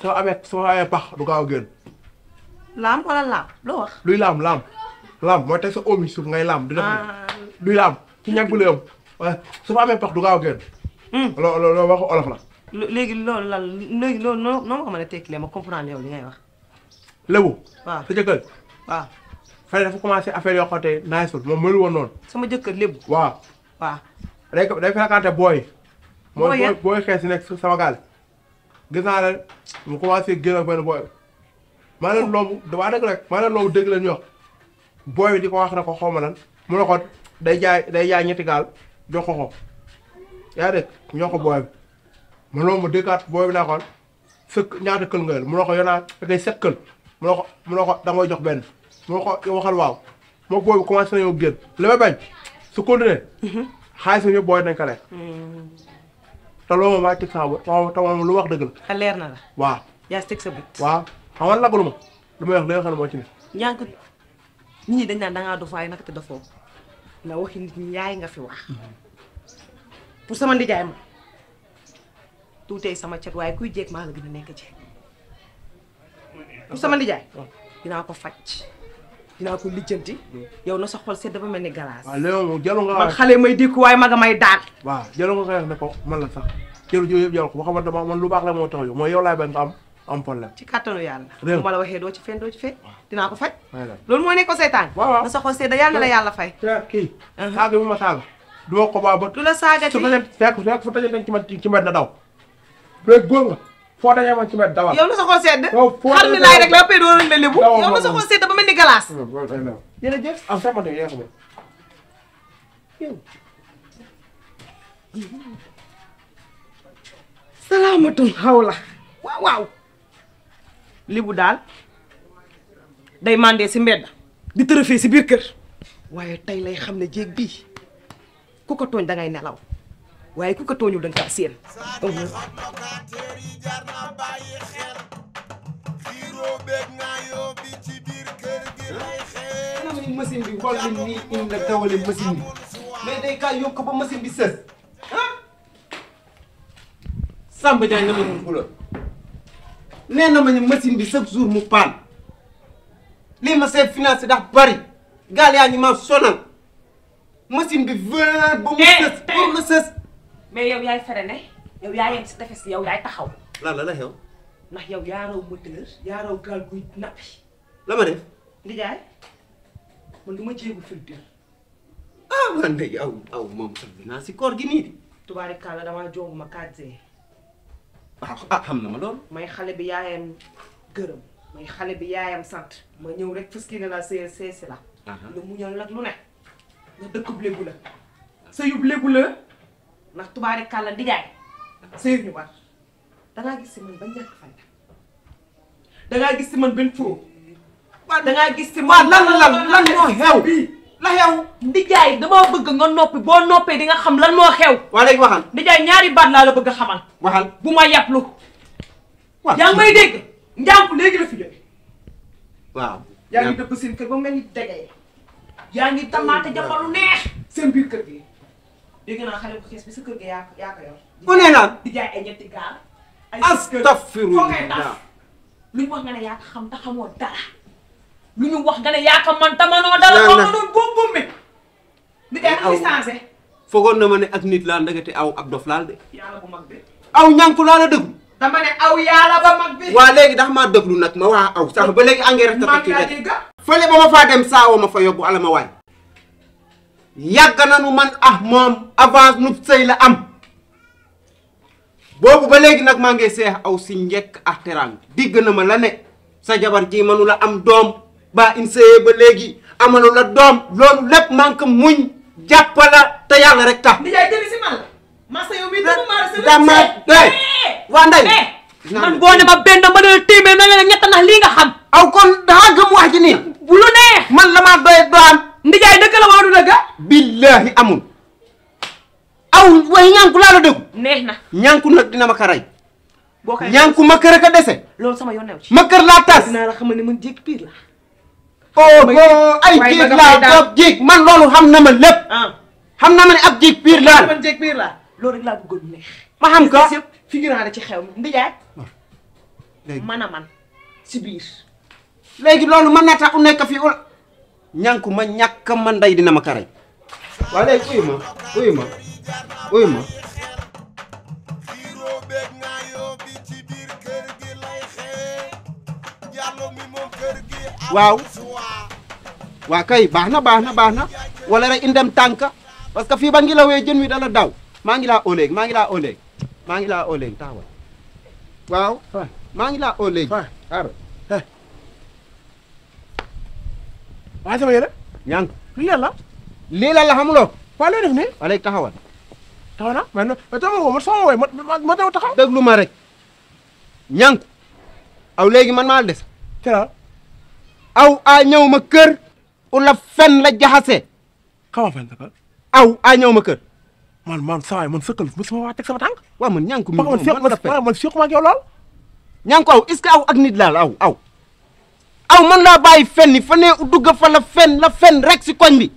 soo amee soo amee pax du gaaw a la làmp wala làmp loo wax. luy làmp làmp làmp mooy teg sa oom ngay làmp. di def ah. luy ci ñag bi la su amee pax du gaaw a génn. Hmm. loo loo olof la. léegi loolu lan léegi loolu noo noo ko mën a tekkilee ma comprendre yow li ngay wax. lébu. waaw sa jëkkër. waaw. fële dafa commencé affaire yoo xamante ne naaj moom mënu woon noonu. sama jëkkër lébu. waaw day day fréquenté booy. booy yëpp mooy nekk sama gaal. gis naa leen mu commencé génn ak benn booy. maa leen loobu waa dëgg leen loobu booy di ko wax ne ko xaw ma lan mu ne day jaay day jaay ñetti gaal jox ko ko. yaa dégg booy ma loolu ma déggaat booy bi naa ko sëkk ñaata kël nga mu ne ko yonaa fekkee set kël mu ne ko mu jox benn mu ne ko waxal waaw moom booy bi commencé nañoo génn li may bañ su continué. Mhm. xaalis bi yëpp booy nañ ko lekk. Mm-hmm. te loolu moom maa ngi teg waaw te lu wax dëgg la. te leer na la. waaw yaa teg sa bët. waaw xam nga laglu ma li may wax li nga xam ne moo ci ne. ñànk nit ñi dañ naan da ngaa nag waaye te dofoo na waxi nit ñi yaay nga fi wax mm-hmm. pour sama ndijaay ma tuutee sama cet waaye kuy jéeg maa la gën nekk ci pour sama ndijaay mm-hmm. dinaa ko faj. dinaa ko lijjanti. yow na sa xol sedd dafa mel ni galaas. waaw léegi moom jëloon nga. man may dikk waaye maga may daal. waaw jëloon nga ne ko man la sax jërëjëf yëpp jëloon ko ba xamante ne man lu baax la moo yow laay bañ nga am am problème. ci kattanu yàlla. réew loolu moo nekk seytaan. na sa xol sedd na la yàlla fay. Uh-huh. saaga bi ma saaga. du ma ko baax ba. du la saagati su fekkee fekk fu ci ma ci ma na daw. léegi góor nga foo dañoo mën ci met dawal. yow na sa xol sedd. xar mi laay rek la ba doon la lébu. yow na sa xol sedd ba mel ni glace. jërëjëf am ah, sama waaw waaw. lébu daal day mandé si mbedd di tërëfee si biir kër. waaye tey lay xam ne jéeg bii ku ko tooñ dangay nelaw waaye ku ko tooñul danga kaa bàyyi xel xiiroo beeg bi ci biir kër gi lay xeex. xanaa bi xool bi nii indi nag dawale machine bi mais day kaa yokk ba machine na ma ñu kula nee na ma ne machine bi chaque jour mu paan lii ma seet financé ndax bari gaal yaa ngi ma sonal machine bi vër ba mu eh, sës pour mu eh. sës. mais yow yaay freiné yow yaa yem si tefes yow yaay taxaw. ndax yow yaa raw moteur yaa raw gaal guy nappi. la ma def. Ndijaay man du ma jéegu filtre. ah man de aw aw moom sax naa si koor gi nii. tubaarikàlla damaa joogu ma kàddee. Ah, ah xam na ma lool. may xale bi yaayam gërëm. may xale bi yaayam sant. ma ñëw rek fës kii ne la CSC la. nga muñal nag lu ne. nga dëkkub léegu la. sa yub léegu la. ndax tubaarikàlla Ndijaay. sëyul ñu war. Dengar gis si man ba ñàkk fayda dangaa gis gis si man lan lan lan moo xew la xew ndijaay dama bëgg nga noppi boo noppee di nga xam lan moo xew waa léegi waxal ndijaay ñaari baat laa la bëgg xamal waxal bu ma yàplu waaw yaa ngi may dégg la fi jóge waaw yaa ngi dëbb seen kër ba mel ni ngi neex seen biir kër gi bu bi sa kër yor ay ñetti gaal astafirullah lu ñu wax xam te xamoo ñu wax nga ne ni kay foogoon na ma ne ak nit laa ndagate aw ab dof laal de aw ñànku laa la déglu dama ne aw waa léegi ndax maa déglu nag ma waa aw sax ba léegi engrais tafa ci rek fële ba ma faa dem saawo ma fa yóbbu ala ma waay yàgg nanu man ah moom avance nu sëy la am bobu ba léegi nak maa ngi seex aw si ñek ak digg na ma la né sa jabar ji mënu la am dom ba in ba léegi amalu la dom loolu lepp manke muñ jappala te yalla rek tax. nijaay jëli ci man ma sa yow mii dama maa rase. dama day wa nday man bo ne ba benn ma ne na la ñett nak li nga xam. aw kon nga mu wax ji ni bu lu neex. man la ma doy doon. nijaay dëgg la wala du billahi amul. aw way ñànku laa la dégg. neex na ku nag dina ma ko rey. boo ma kër ka dese. loolu sama yoon newu ci. ma kër laa tas dinaa la xamal ne man jéeg piir la. oh boo ay jéeg man loolu xam na ma lépp. Ah. xam na ma ne ab jéeg piir laa. man jéeg piir loolu rek laa bëggoon neex. ma xam ka yëpp figurant la ci xew mi ndijaay. man a man si biir. léegi loolu mën na tax u nekk ma ñàkk man day dina ma ko ma uyu uy ma waaw waa kay baax na baax na baax na wala rek indem tànka parce que fii ba ngi la wee jën wi dala daw maa ngi laa oo léegi maa ngi laa oo léegi maa ngi laa oo léegi taxawal waaw maa ngi laa oo léegi xaaral waa sama yére ñaan lii la la lii la la xamuloo waa loo def ne waa léegi taxawal taxaw na mais ma daw taxaw. déglu ma rek aw léegi man maa des. te aw a ñëw ma kër. wala fen la jaxase. xaw fen la aw a ñëw ma kër. man man saa waay man sëkkal bu sama waa teg sama tànk. waaw man ñànku mi man la man sequma ak yow aw est-ce que aw ak nit laal aw aw. aw man laa bàyyi fenn fa ne dugg fa la fen la fen rek si koñ bi.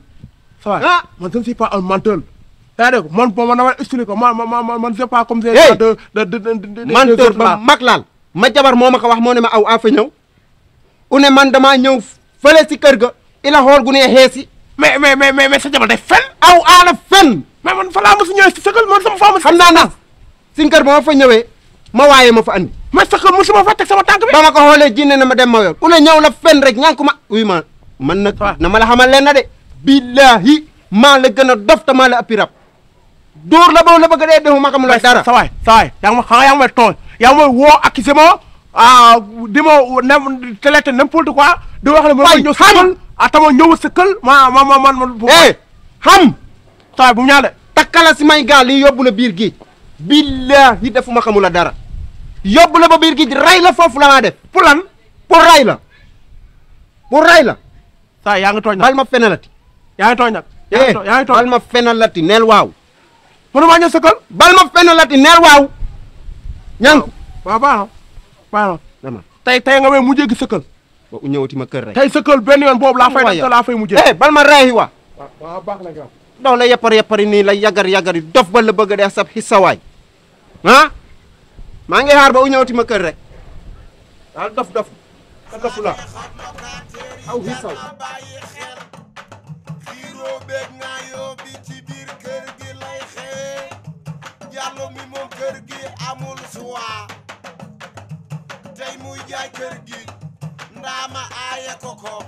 ah man je ne suis pas un yaa dégg man boo ma damay ko man man man c'est pas ma laal. ma jabar moo ma ko wax moo ne ma aw a fa ñëw. u ne man damaa ñëw fële si kër ga. ila xool gu ne xeesi. mais mais mais mais sa jabar day fen. aw a la fen. mais man fa laa ma ñëwee si sa kër man sama faa ma. xam naa na si kër ma fa ñëwee. ma waaye ma fa andi. mais sa kër mosuma fa teg sama tànk bi. ba ma ko jinne na ma dem ma yor. u ne ñëw la fen rek ñànk ma. oui ma man nag. na ma la xamal leen na de. billahi maa la gën a dof te maa la dóor la ba la bëgg dee defu ma mu lay dara sa waay sa waay yaa ngi ma xanaa tooñ yaa ngi may woo accusé ma ah, di ma na traité n'importe quoi di wax ne ma ñëw sa kël atama ah, ñëw sa kël ma ma ma man eh, xam bu ñaale takkala si may ga lii yóbbu la biir géej billahi defu ma xamul la dara yóbbu la ba biir géej rey la foofu la maa def pour lan pour rey la pour rey la saa yaa ngi tooñ nag bal ma fenalati yaa ngi tooñ nag yaa ngi eh, tooñ bal ma fenalati neel waaw mënuma ñëw sa kër bal ma fenn lati neer waaw ñang waaw baax na baax na dama tey tey nga may mujjee gi sa kër ba u ñëwati ma kër rek tey sa benn yoon boobu laa fay def fay mujjee eh bal ma rey wa waaw baax na nga daw la yapar yapari nii la yagar yagar dof ba la bëgg dee sab xisawaay ah maa ngi xaar ba u ñëwati ma kër rek daal dof dof ka dof la aw xisaw xiiroo beeg nga réew mi moom kër gi amul suwaa tey muy jaay kër gi ndaama aaye ko ko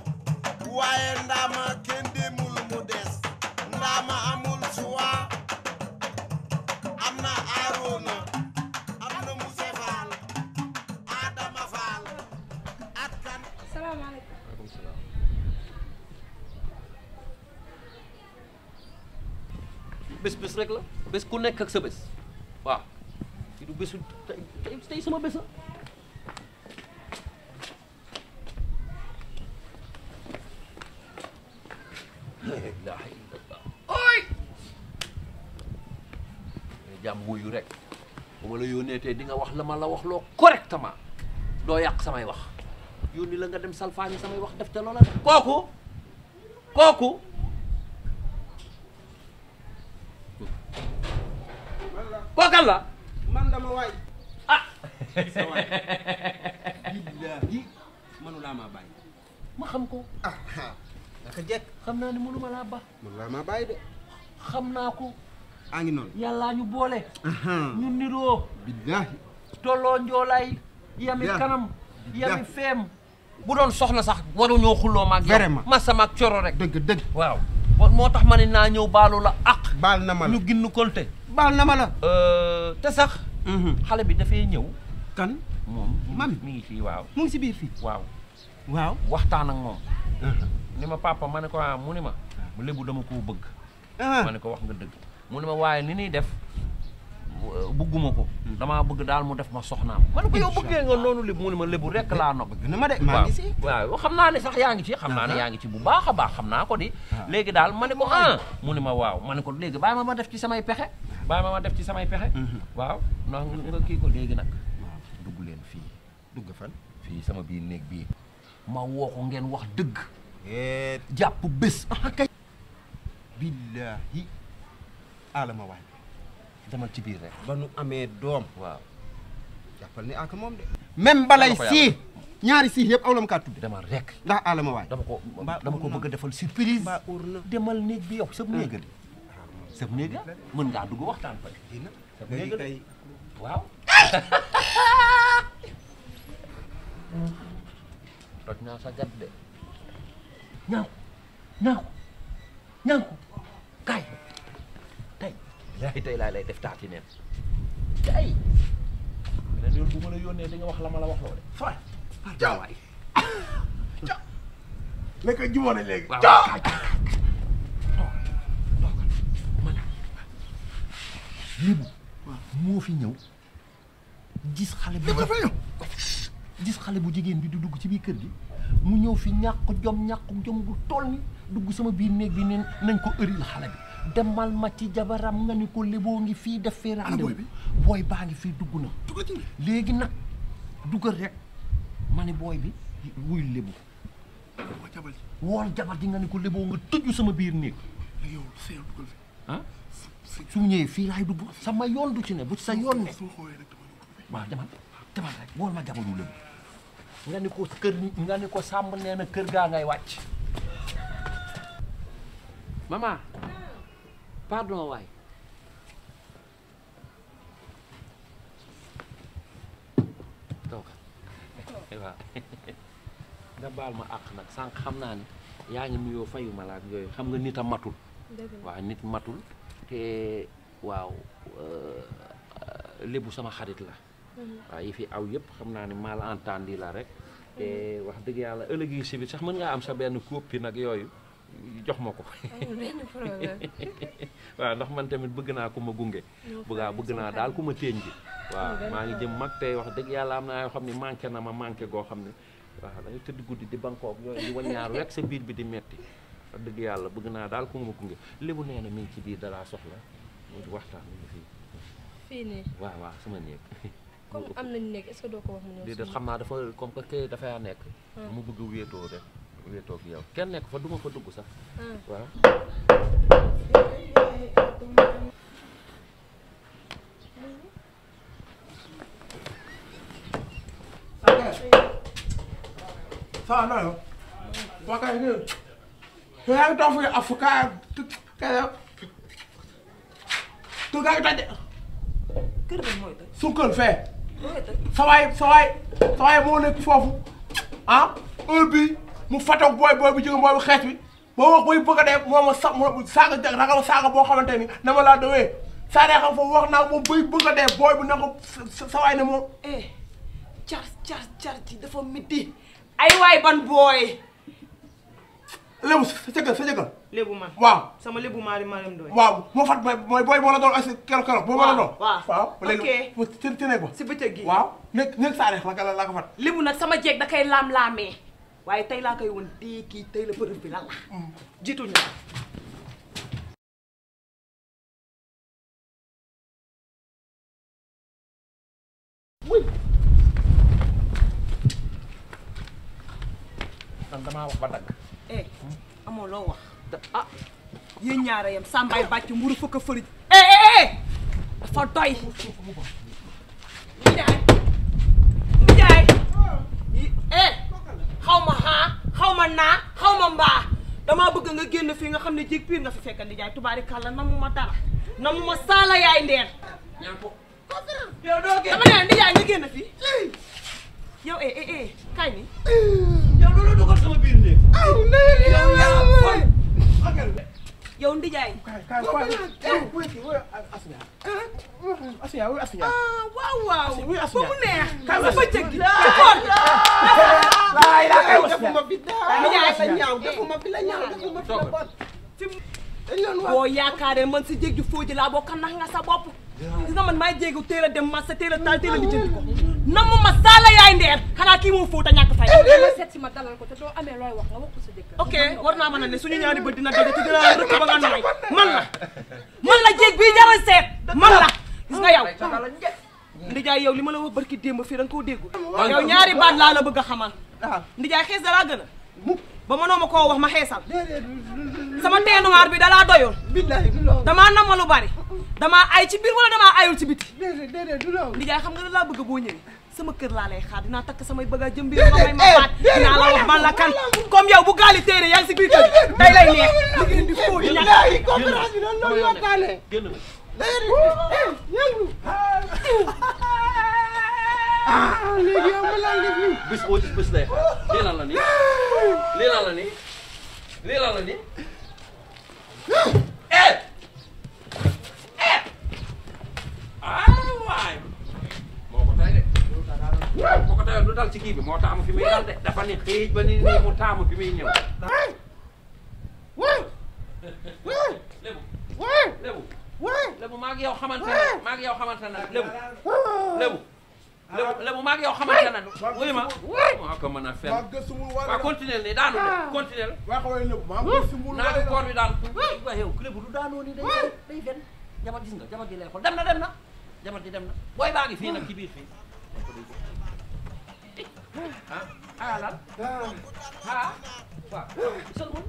waaye ndaama kenn demul mu des ndaama amul suwaa am na aaroona am na Moussa Fall Adama Fall ak kan. salaamaaleykum. waaleykum bés bés rek la bés ku nekk ak sa bés. waaw du bésu tey tey sama bésa la ilaha illallah ooy jàmm wuyu rek bu ma la yónneetee di nga wax la ma la wax loo correctement doo yàq samay wax yónni la nga dem salfaani samay wax def te loola def kooku kooku kookan la. man dama waay. ah. billaahi mënu maa bàyyi. ma xam ko. ah, ah. xam naa ni mënu ma laa ba. mënu maa bàyyi de. xam naa ko. aa ngi noonu. yàllaa ñu boole. ñu niroo. billaahi. tolloo njoolaay. yami kanam yami feem. bu doon soxna sax waruñoo xulloo maag. vraiment massa maag coro rek. dëgg dëgg waaw. moo tax ma ne naa ñëw baalu la ak. baal na ma la ñu ginn kolte baal na ma la. Euh, te sax. Mhm. xale bi dafay ñëw. kan moom man mi ngi fii waaw. mu ngi si biir fii waaw. waaw waxtaan ak moom. Uh-huh. ni ma papa ma ne ko ah, mu ni ma. mu lébu dama koo bëgg. Uh-huh. ma ko wax nga dëgg. mu ni ma waaye ni ñuy def bëgguma euh, ko. Hmm. damaa bëgg daal mu def ma soxnaam. ma ne ko yow bëggee nga noonu lébu mu ni ma lébu rek laa nopp. de maa waaw xam naa ne sax yaa ngi ci. xam naa ne uh-huh. yaa ngi ci bu baax a baax xam naa ko di. léegi daal ma ne ko ah. mu ni ma waaw ma ne ko léegi bàyyi ma ma def ci samay pexe. bàyyi ma ma def ci samay pexe mhm. waaw na nga kii ko léegi nag waaw dugg leen dugg fan fii sama biir néeg bii ma woo ko ngeen wax dëgg jàpp bés ah kay billaahi alama waay demal ci biir rek ba nu amee doom waaw jàppal ni ak moom de même balay sii ñaari sii yëpp aw la ma kaa tudd demal rek ndax alama waay dama ko dama ko bëgg defal surprise demal néeg bi yow sab néega ah. sab néega mën ngaa dugg waxtaan fa sab néega tey waaw toj naa sa gat de ñaaw ñaaw ñaaw tey tey laa lay def taati neen tey beneen yoon bu ma la yónnee di nga wax la ma la wax loole fay jawaay lekk juboo nañ léegi lébu moo fi ñëw gis xale bu gis xale bu jigéen bi du dugg ci biir kër gi mu ñëw fi ñàkk jom ñàkk jom gu toll ni dugg sama biir néeg bi neen nañ ko ëril xale bi demal ma ci jabaram nga ni ko léboo ngi fii def fee rendez-vous bi booy baa ngi fii dugg na léegi nag duggal rek ma booy bi wuy lébu wool jabar ji nga ni ko léboo nga tëju sama biir néeg ah su ñëwee fii laay dugg sama yoon du ci ne bu ci sa yoon ne waaw demal demal rek wool ma jabalu lëb nga ni ko kër nga ni ko sàmm nee na kër gaa ngay wàcc maman pardon waay tooga waaw nga baal ma àq nag sànq xam naa ne yaa ngi nuyoo fayu ma la yooyu xam nga nit a matul waaw nit matul te waaw euh, lépp sama xarit la mhm. waaw yi fi aw yëpp xam naa ne mal entendu la rek te wax dëgg yàlla ëllëg yi si biir sax mën ngaa am sa benn copie nag yooyu jox ma ko waaw ndax man tamit bëgg naa ku ma gunge bëggaa bëgg naa daal ku ma téeñ bi waaw maa ngi jëm mag te wax dëgg yàlla am naa yoo xam ne manqué na ma manqué goo xam ne waaw da tëdd guddi di bankoog yooyu di waññaaru rek sa biir bi di metti wax dëgg yàlla bëgg naa daal ku ma gunge lébu nee na mi ngi ci biir dalaa soxla mu ngi waxtaan mu ngi fii. fii nii waaw waaw sama néeg. comme am nañu néeg est-ce doo ko wax mu ñëw. déedéet dafa nekk. Ah. mu bëgg wéetoo kenn nekk fa duma ma fa dugg sax. Ah. yaa ngi toog fii avocat tu fee. sawaay sawaay sawaay moo nekk foofu ah heure mu fatoog booy booy bu jigéen booy bu xeet bi moo wax bay bëgg a dee moo sa saaga jag ragal saaga boo xamante ni na ma laa dowee saa dee xam foofu wax naa moom bay bëgg a dee booy bu ne sawaay ne moom. car car car ci dafa métti ay waay ban booy. lébu sa jëkkër sa jëkkër. lébu man waaw. sama lébu maari Mariam Ndoye. waaw moo fat mooy booy boo la doon asi keroog keroog. boo la doon waaw léegi mu ci ci nekk ba. si bëccëg gi waaw nekk nekk saa rek la la ko fat. lébu nag sama jeeg da koy laam-laamee waaye tey laa koy woon dee kii tey la bërëb bi lan la. Mm. jiituñu la. man damaa wax ba dagg. eh amoo loo wax. ah yéen ñaara yam sàmbaay bàcc mburu fukk fëriñ. Eh, eh eh eh dafa doy. Ndiaye Ndiaye eh xaw ma xaa xaw ma naa xaw ma mbaa damaa bëgg nga génn fii nga xam ne jéeg piir nga fi fekk Ndiaye tubaarikàlla namu ma dara namu ma saala yaay ndeer. ñaan ko yow nga génn fii. yow eh eh eh kaay ni yow loolu dugal sama biir néeg. aw ndeyli yow yaa kon. Ah. Ah, la ñaaw defuma bi la ñaaw defuma bi man si jéeg ju foo laa boo kan nax nga sa bopp. nga man maay jéegu teel a dem marché teel a taal teel a lijjanti nam ma sala yaay ndeer xanaa kii moom fóota ñak fay ma eh, eh, eh. seet si ma dalal ko te do amé looy wax nga waxu sa dekk ok war naa mën a ne suñu ñaari bëd dina dëgg ci dina rek ba nga nooy man la man la jégg bi jaral seet man la gis nga yaw ndijaay yaw lima la wax barki demb fi da ko koo yaw ñaari baat la la bëgg xamal ndijaay xéss dara gëna ba mënoo ma wax ma xéssal sama teenuwaar bi dalaa doyul billahi dama namalu bari dama ay ci bir wala dama ayul ci biti dede dede du li ndijaay xam nga la bëgg bo ñëw sama kër la lay xaar dina tak sama bëgg jëm bir ma may eh, ma baat dina la wax man la kan comme yow bu gali téré yaa ci bir kër day lay neex li ngeen di fóot di ñàkk lay ko bi loolu eh, ah, lay xaar la nii lii la la ah. eh waay moo ko tay lu dal ci kii bi moo taamu fi muy dal de dafa ni xiij ba ni mu taamu fi muy ñëw lébu lébu lébu maa ngi yow xamante ne maa ngi yow xamante ne lébu lébu lébu lébu maa ngi yow xamante ne wuyu ma maa ko mën a fen daanu de naa ko koor bi daan waaye yow lébu du daanoo ni day nga jabar gi lay xool dem na dem na jabar ji dem na booy baa ngi fii nag ci biir fii ah ah lan ah waaw sëlmul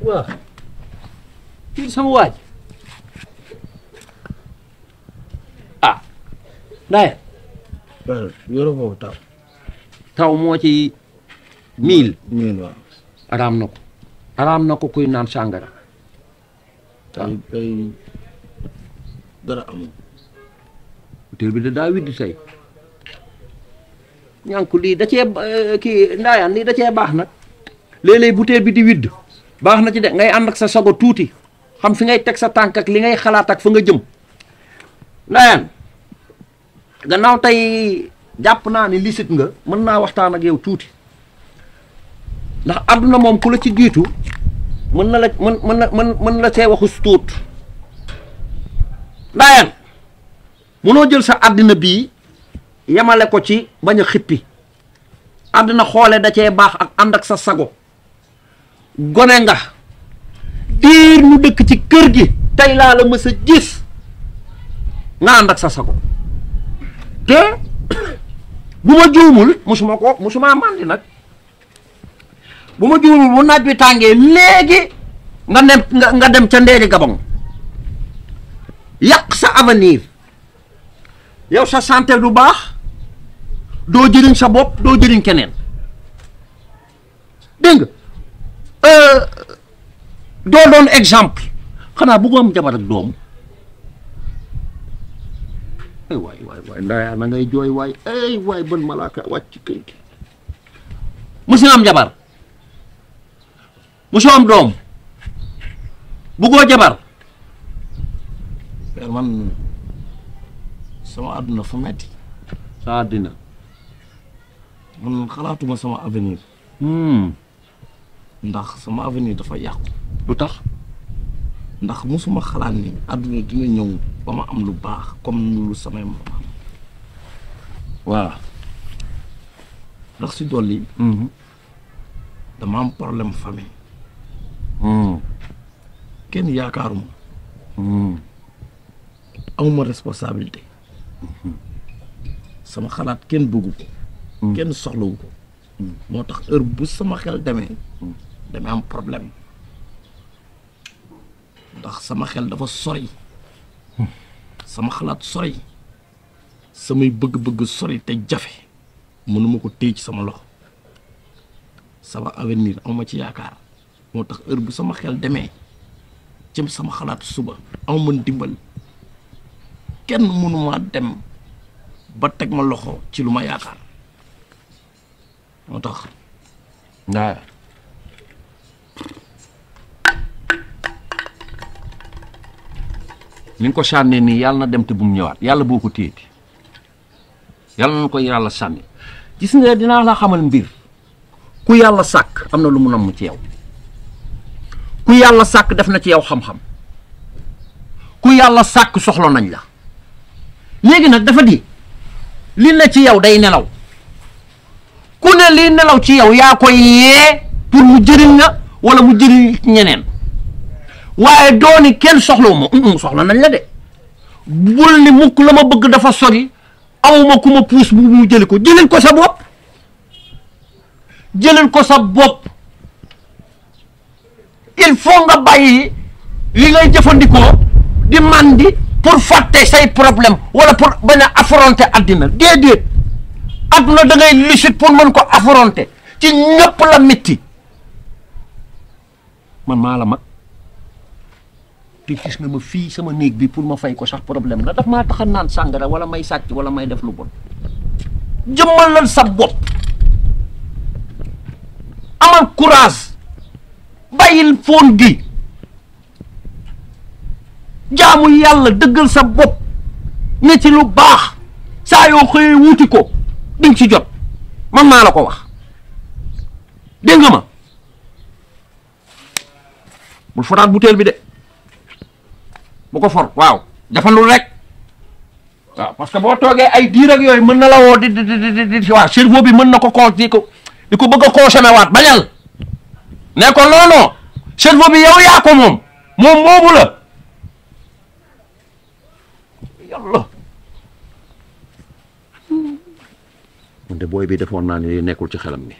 Wah. Ini bisa buat. Ah. Nah. Baru, yo robo tau. Tau mo ci mil, mil wa. Aram nako. Aram nako kuy nan sangara. Tan pei dara am. Hotel David di say. Nyang ko li da ci eh, ki ndayan ni da ci bax nak. Lele bouteille bi di wid. baax na ci de ngay ànd ak sa sago tuuti xam fi ngay teg sa tànk ak li ngay xalaat ak fa nga jëm ndayaan gannaaw tey jàpp naa ni lisit nga mën naa waxtaan ak yow tuuti ndax àdduna moom ku la ci jiitu mën na la mën mën mën mën la see waxu tuut ndayaan mënoo jël sa àddina bii yemale ko ci bañ a xippi àddina xoole da cee baax ak ànd ak sa sago gone nga diir dëkk ci kër gi tey laa la mës a gis nga ànd sa sago te bu ma juumul musuma ko musuma màndi nag bu ma juumul bu naaj wi tàngee léegi nga dem nga ca ndeeri gabon yàq sa avenir yow sa santé du baax doo jëriñ sa bopp doo jëriñ keneen dégg Euh, doo doon exemple xanaa bëggoo am jabar ak doom ay waay waay waay ndaayaa na ngay jooy waay ay waay ban malaaka wàcc ci kër musu am jabar musu am doom bëggoo jabar père man sama àdduna fa metti sa àddina man xalaatuma sama avenir hmm. ndax sama avenir dafa yàqu lu tax ndax mosuma xalaat ni àdduna dina ñëw ba ma am lu baax comme nu lu samay moom am voilà ndax si dolli mhm. dama am problème famille mhm. kenn yaakaaruma mhm. amuma responsabilité sama xalaat kenn bëggu ko kenn soxlawu ko moo tax heure bu sama xel demee dama am problème ndax sama xel dafa sori sama xalaat sori samay bëgg-bëgg sori te jafe mënuma ko téye ci sama loxo sama avenir awma ci yaakaar moo tax heure bu sama xel demee jëm sama xalaat suba awma dimbal kenn mënumaa dem ba teg ma loxo ci lu ma yaakaar moo tax li nga ko sànnee nii yàlla na dem te bu mu ñëwaat yàlla boo ko téyeti yàlla nañu ko yàlla sànni gis nga dinaa la xamal mbir ku yàlla sàkk am na lu mu namm ci yow ku yàlla sàkk def na ci yow xam-xam ku yàlla sàkk soxla nañ la léegi nag dafa di li ne ci yow day nelaw ku ne li nelaw ci yow yaa koy yee pour mu jëriñ la wala mu jëriñ ñeneen waaye dooni kenn soxlawu ma soxla nañ la de bul ni mukk la ma bëgg dafa sori awma ku ma puus bu mu jëli ko jëlil ko sa bopp jëlil ko sa bopp il faut nga bàyyi li ngay jëfandikoo di màndi pour fàtte say problème wala pour bañ a affronter addina déedéet adduna da ngay lucide pour mën ko affronter ci ñëpp la métti la mag sacrifice na ma fii sama néeg bi pour ma fay ko sax problème la daf maa tax a naan sàngara wala may sàcc wala may def lu bon jëmmalal sa bopp amal courage bàyyil foon gi jaamu yàlla dëggal sa bopp ne ci lu baax saa yoo xëyee ko dinga ci jot man maa la ko wax dégg ma bul foraat butéel bi de bu ko for waw dafa lu rek waaw parce que bo toge ay dir ak yoy mën la wo di di di di di waaw cerveau bi mën na ko ko di ko di ko bëgg ko consommer wat bañal ne ko non cerveau bi yow ya, ya ko mom mom moomu la yalla man de booy bi defoon naa ni nekul ci xelam ni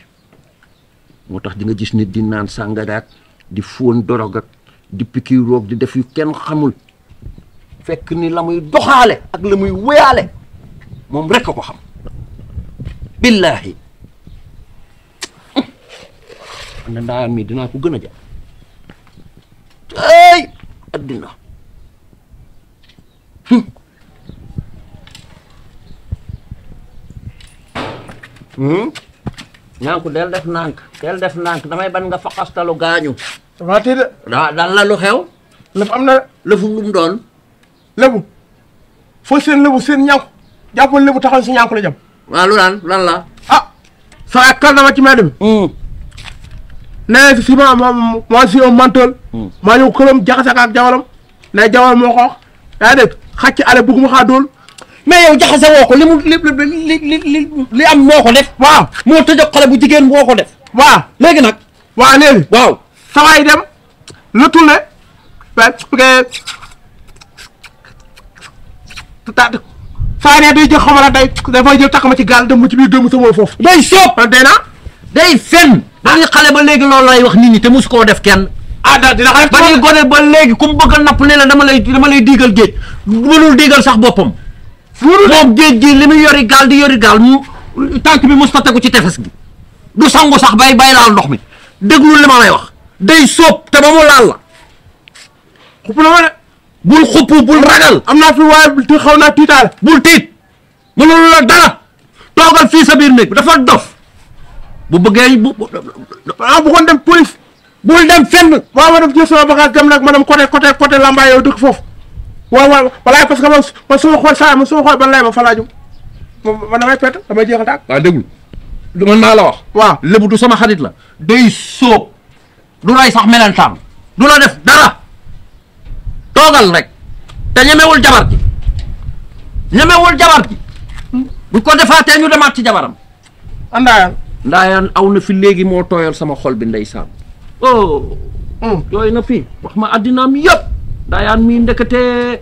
motax di nga gis nit di nan sangadak di fon dorog ak di pikiroog di def yu kenn xamul. fekk ni la muy doxaale ak la muy wéyaale moom rekk a ko xam billaahi man de ndaayaan mi dinaa ko gën a jàpp ay addina ñaanku del def nànk del def nànk damay ban nga faqastalu gaañu. damaa de. daa lu xew. lëf am na lëfu lu mu doon. lebu foo seen lebu seen ñànku jàppal lebu taxaw si ñànku la jëm. waaw lu lan la. ah sa kal na ma ci mbedd mi. Hmm. si ma ma ma si un mantool. Hmm. maa ñëw jaxase ak jawaram ne jawar moo ko wax yaa dégg ale bëgguma xaa dóol. mais yow jaxase woo li am moo ko def. waaw moo tëjoo xale bu jigéen moo ko def. waaw léegi nag. waaw léegi. waaw saa waay dem lu tullee. saa ne day jël xamala day dafay jël takk ma ci gaal dem ma ci biir démb sama foofu. day soob man day naa. day fen. Ah. ba ñu xale ba léegi loolu lay wax nit ñi te mosu koo def kenn. ah daal dina xam ba ñu gone ba léegi ku mu bëgg a napp ne la dama lay dama lay diigal géej mënul diigal sax boppam. moom géej gi li muy yori gaal di yori gaal mu tànk bi mosut a tegu ci tefes gi. du sangu sax bay bay laal ndox mi déglu li ma lay wax. day soob te ba mu laal la. xup na ma de. bul xuppu bul ragal. am naa fi waaye te xaw naa tiitaal. bul tiit mënul la dara toogal fii sa biir néeg bi dafa dof bu bëggee bu ah bu kon dem police bul dem fenn. waaw ma dem jël sama bagage dem nag ma dem côté côté côté Lamba yow dëkk foofu waaw waaw walaay parce que man man soo xool saa man soo xool ban lay ma fa laajum man damay jeex damay jeexal daal. waaw déglu man naa la wax. waaw lébu du sama xarit la. day sóob du lay sax melentaan du la def dara. toogal rek te ñemewul jabar ji ñemewul jabar ji bu ko defaatee ñu demaat ci jabaram ndaayaan ndaayaan aw na fi léegi sama xol bi ndeysaan oh hmm. tooy na fi wax ma addinaam yëpp ndaayaan mii ndeketee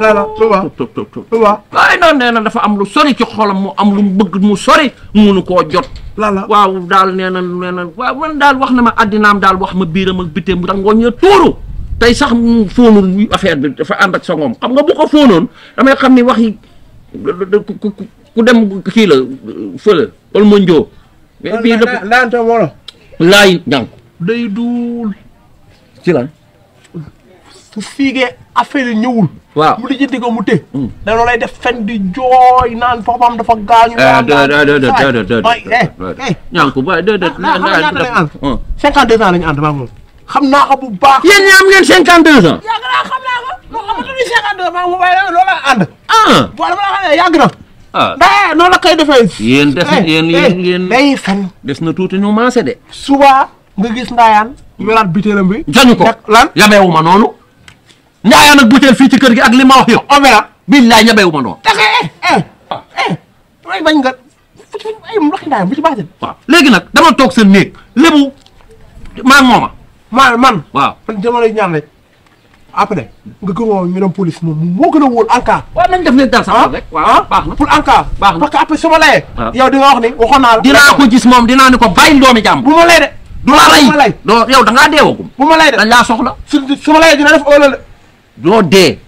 lala la tuba tuba ay non neena dafa am lu sori ci xolam mu am lu bëgg mu sori munu koo jot lala waaw daal neena neena waaw man daal wax na ma addinaam daal wax ma biiram ak bitéem rangooñ ya tey sax mu fóonul affaire bi dafa ànd ak sangoom xam nga bu ko fóonoon damay xam ni wax yi ku dem kii la fële wala ma njoo. mais bii dëpp laante wolo. laay njàng. day duul. ci lan. su fiigee affaire yi ñëwul. waaw mu lijjanti ko mu té. Mm. da loolu lay def fen di jooy naan papaam dafa gaañu. Eh, naan naan waay waay waay. ñànku waay déedéet. cinquante deux ans la ñu ànd maa ngi xam naa ko bu baax. yéen ñaa am ngeen cinquante deux ans. yàgg naa xam naa ko moom amatuñu cinquante deux ans moom waaye loolu la ànd. ah boo dama la xamee yàgg na. ah ndax noonu la koy defee. yéen des na yéen yéen yéen day fen. des na tuuti ñu maase de. suba nga gis ndaayaan. yoraat butéelam bi. jañu ko lan yabeewu ma noonu. ndaayaan ak butéel fii ci kër gi ak li ma wax yow. omera billaay ñabeewu ma noonu. tax eh eh eh bañ nga fu ci ay ndoxi ndaayaan bu ci baaxee. waaw léegi nag dama toog seen néeg lébu maa ngi mooma man man. waaw man jamono ñaan rek après nga gën woo ñu dem police moom moo gën a wóor en cas. waaw nañ def ne dal sax ah, rek. waaw ah, baax na pour en cas. baax na parce su ma layee. Ah. yow di nga wax ni ko gis moom dinaa ko bàyyi doomi jàmm. bu ma ma lay doo yow da ngaa deewagum. bu ma lay su su ma layee dina def óolal doo dee.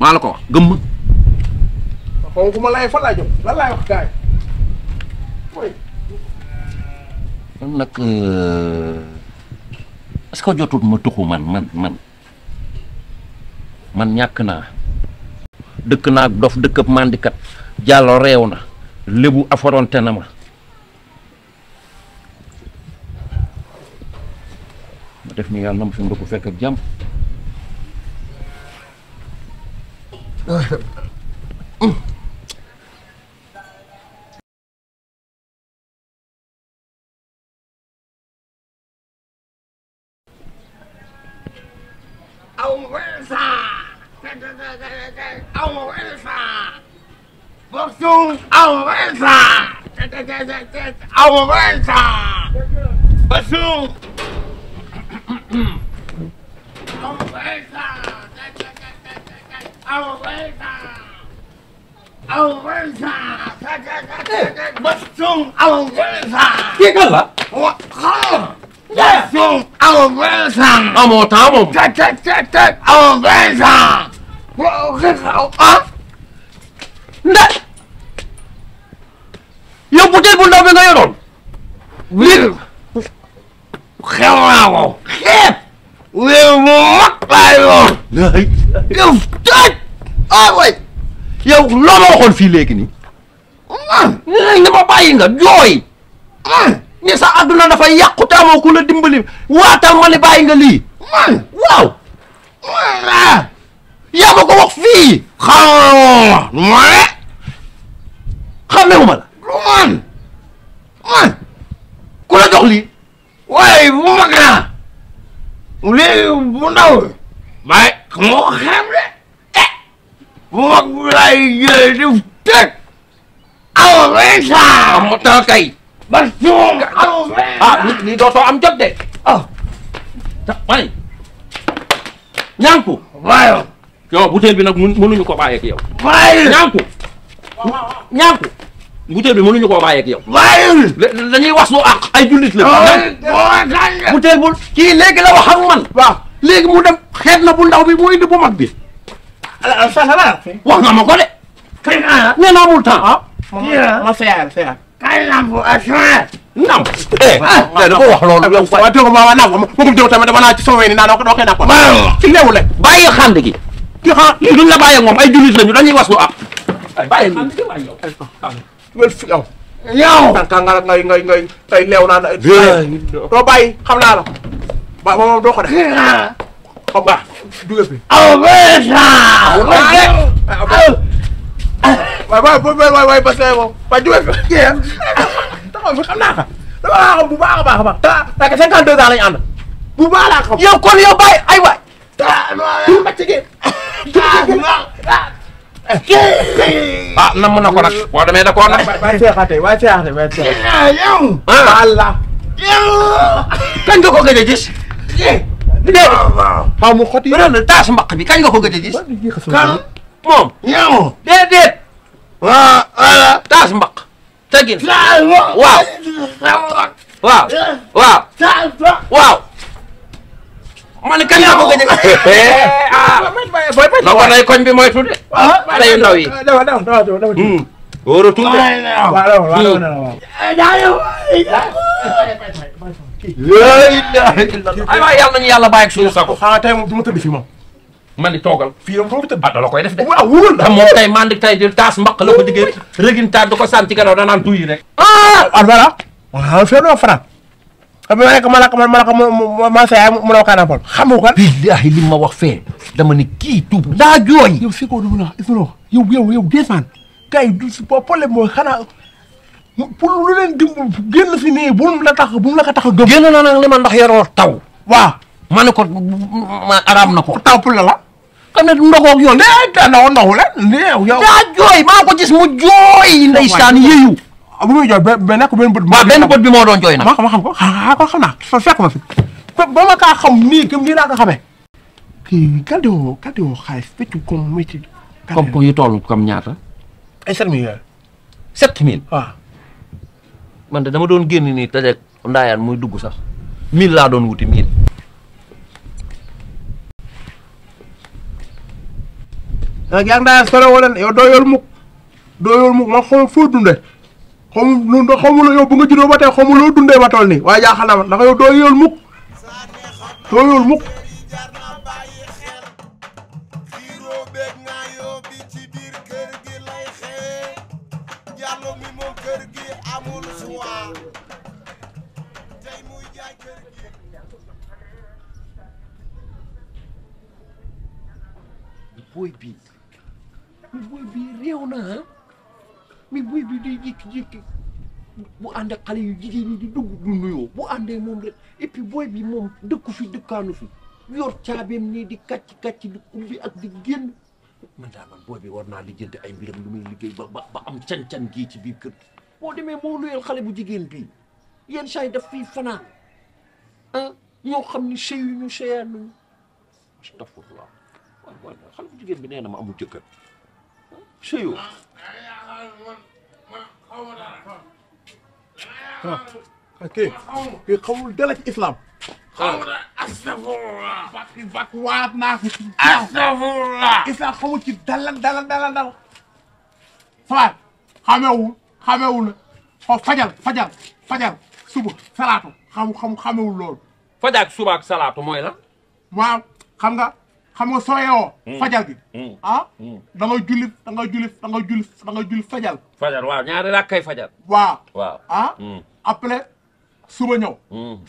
maa la ko wax gëmm. waaw xaw ma bu ma layee fan laa wax gars est-ce que jotul ma tuxu man man man man ñak na dekk na dof dekk mandikat jàllo réew na lébu na ma ma def ni yalla ma fi mu fekk ak jam Oh. Alversa! Alversa! Boxum Alversa! Alversa! Boxum! Alversa! Alversa! Alversa! Boxum Alversa! Que gala? What? Boxum! amoo benn sang. amoo temps moom. te te yow butéel bu ndaw bi nga yow yow loo ma fii léegi nii. man. nee ma bàyyi nga jooy. ni sa adduna dafa yàqu te amoo ku la dimbali waatal ma ni bàyyi nga lii man waaw man yaa ma ko wax fii xaw ma xamewu ma la man man ku la jox lii waaye bu mag naa léegi bu ndaw eh. bu teg aw bay saa mu tal man suum. ah lii dootoo am jot de. ah. may. ñaanku. waaw. yow butéel bi nag mënuñu ko bàyyeeg yow. waaye. ñaanku. ñaanku. butéel bi mënuñu koo bàyyeeg yow. waaye. dañuy wax su àq ay jullit la. waaw bu kii léegi la wax ak man. léegi mu dem xeet na bu ndaw bi mu indi bu mag bi. wax nga ma ko de. xëy na nee naa amul temps. ah ma ma kai lambu a shawar nam eh, eh da da wax loolu wa to ma na ko ko do tamit na ci sowe ni na do ko na ko ci lewu le bàyyi xand gi ki xa li duñ la bàyyi moom ay jullit lañu dañuy waslu ab ah. bàyyi wel fi yow yow tanka nga ngay ngay ngay tay lew na do bàyyi xam naa la ba moom doo ko def xam nga dugal fi aw be sa waay waay waay waay Bas waay waay jóge fi jéem taxaw fi xam naa ko dama laa xam bu baax a baax a baax. taa parce que cinquante deux bu baax laa yow kon yow bàyyi ay waay. taa ma ci ah namm na ko nag boo demee da koo nag. waay seexaatee waay seexaatee a seexaatee. Ah, yow. voilà. Ah. yow. kañ nga a gis. Eh. dégg nga xaw ma xoti. taas mbaq bi kañ nga ko gëj a gis. kan moom. yow taas mbaq teggin waaw waaw waaw waaw man kan laa eh, eh. Ah. ko gëj a. ah koñ bi mooy tuuti. ah xale yu ndaw yi. dama dama dama dama tuuti. wóor a tuuti. waaw waaw waaw eh, yàlla nañu mandi togal firam foofu tëdd ah da la koy def de waaw wóor la moom tey mandi tey di taas mbaq la ko diggee régin taat du ko santi gannaaw danaan tuyi rek ah ah voilà waaw fee doo faram xam nga rek malaka man malaka ma sa yaay mu la kaa nampal xam nga kan? billahi li wax fee dama ni kii tuub daa jooy yow fi ko dum la is yow yow yow desaan kay du si popole problème mooy xanaa pour lu leen dim génn si nii bu la tax bu la ko tax gëm génn na nag li ma ndax yoroo taw waaw ma ma araam na taw pour la la xam ne ndogoog yoon de ndox ndoxu la néew yow. daa jooy maa ko gis mu jooy. ndeysaan oh yëyu. bu muy jooy ba benn benn bët. waaw benn bët bi moo doon jooy nag. maa ko ma xam ko ah ko xam naa fa nii kii nii laa ko xamee. kii gàddeewoo gàddeewoo xaalis fecc comme comme comme yu toll comme ñaata. ay sept man de dama doon génn nii dajeeg ndaayaan muy dugg sax mille laa doon wuti mille. nag yaa ngi daa sore wala ne yow doo yool mukk doo yool mukk man xaw foo dunde xaw ma xaw ma yow bu nga juddoo ba tey xaw ma loo dundee ba toll nii waaye jaaxal na ma ndax yow doo yool mukk doo yool mukk booy bii mais booy bii réew na ah mais booy bii day jékki-jékki bu ànd ak xale yu jigéen ñi di dugg du nuyoo bu àndee moom la et booy bi moom dëkku fi dëkkaanu fi yor caabeem nii di kacc kàcc di ubbi ak di génn man daa booy bi war naa lijjanti ay mbiram lu muy liggéey ba am can gii ci biir kër boo demee moo luyeel xale bu jigéen bii yenn saa yi daf fiy fanaan ah ñoo xam ni sëyuñu sëyaanuñu astafurlah waaw waaw xale bu jigéen bi nee na ma amul jëkkër sëyoo ah ok kii xamul dara ci islam. xamul dara astafurlah. waat naa ko ci. astafurlah. islam xamul ci dalal dalal dalal dalal. salaat xamewul xamewul xaw fajal fajal fajal suba salaatu xam xam xamewul loolu. fajal suba ak salaatu mooy la. waaw xam nga. xam nga sooyewoo mm. fajal bi mm. mm. ah da ngay julli da julli fajal fajal waaw ñaari rakkay fajal waaw waaw ah après suba ñëw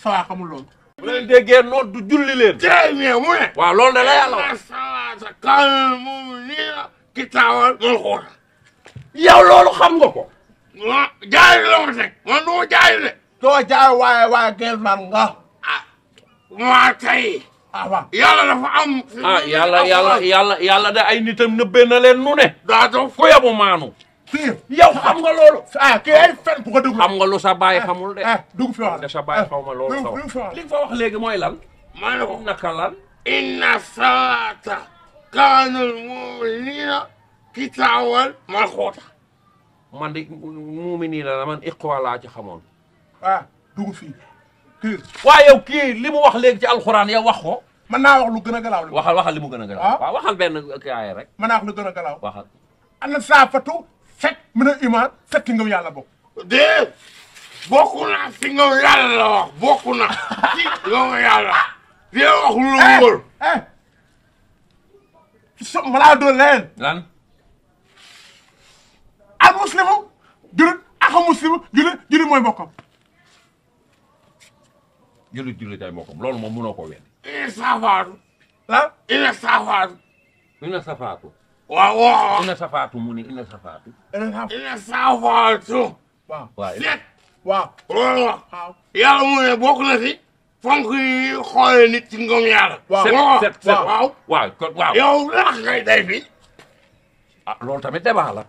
sawaa xamul loolu bu leen déggee du julli leen très bien mu ne waaw loolu la yàlla wax salaata kaamil moom nii la kitaabal loolu xam nga ko wa jaay la ma yàlla dafa am. ah yàlla yàlla yàlla yàlla da ay nitam nëbbee na leen nu ne. yabu maanu. yow xam nga loolu. ah, ah fen bu ko xam nga lu sa bàyyi ah, xamul de. Ah, dugg fi wax de ma loolu. li nga mooy lan. ma ne naka lan. inna salaata kaanul mu'minina kitaaban mawquuta. man de mu'minina la man xamoon. waaye yow kii li mu wax léegi ci alxuraan yow wax ko. mën naa wax lu gën a galaaw. waxal waxal li mu gën a galaaw. Ah? waaw waxal rek. mën naa wax lu gën a galaaw. waxal. ana set mën a imaan set ci ngëm yàlla bokk. dee bokku na ci ngëm yàlla la wax na eh, eh. ci ngëm yàlla. wax lu wóor. so malaa doon leen. lan. al muslimu julit ak muslimu julit jullit jullitaay mbokkam loolu moom mënoo koo weddi. ina la ina safaaru. Ah? ina safaatu. waaw safaatu mu safaatu. ina safaatu. waaw waaw seet. waaw mu ne bokk na si. fonk yi xoolee nit ci ngëm yàlla. waaw set set waaw waaw. yow ah loolu tamit débat la.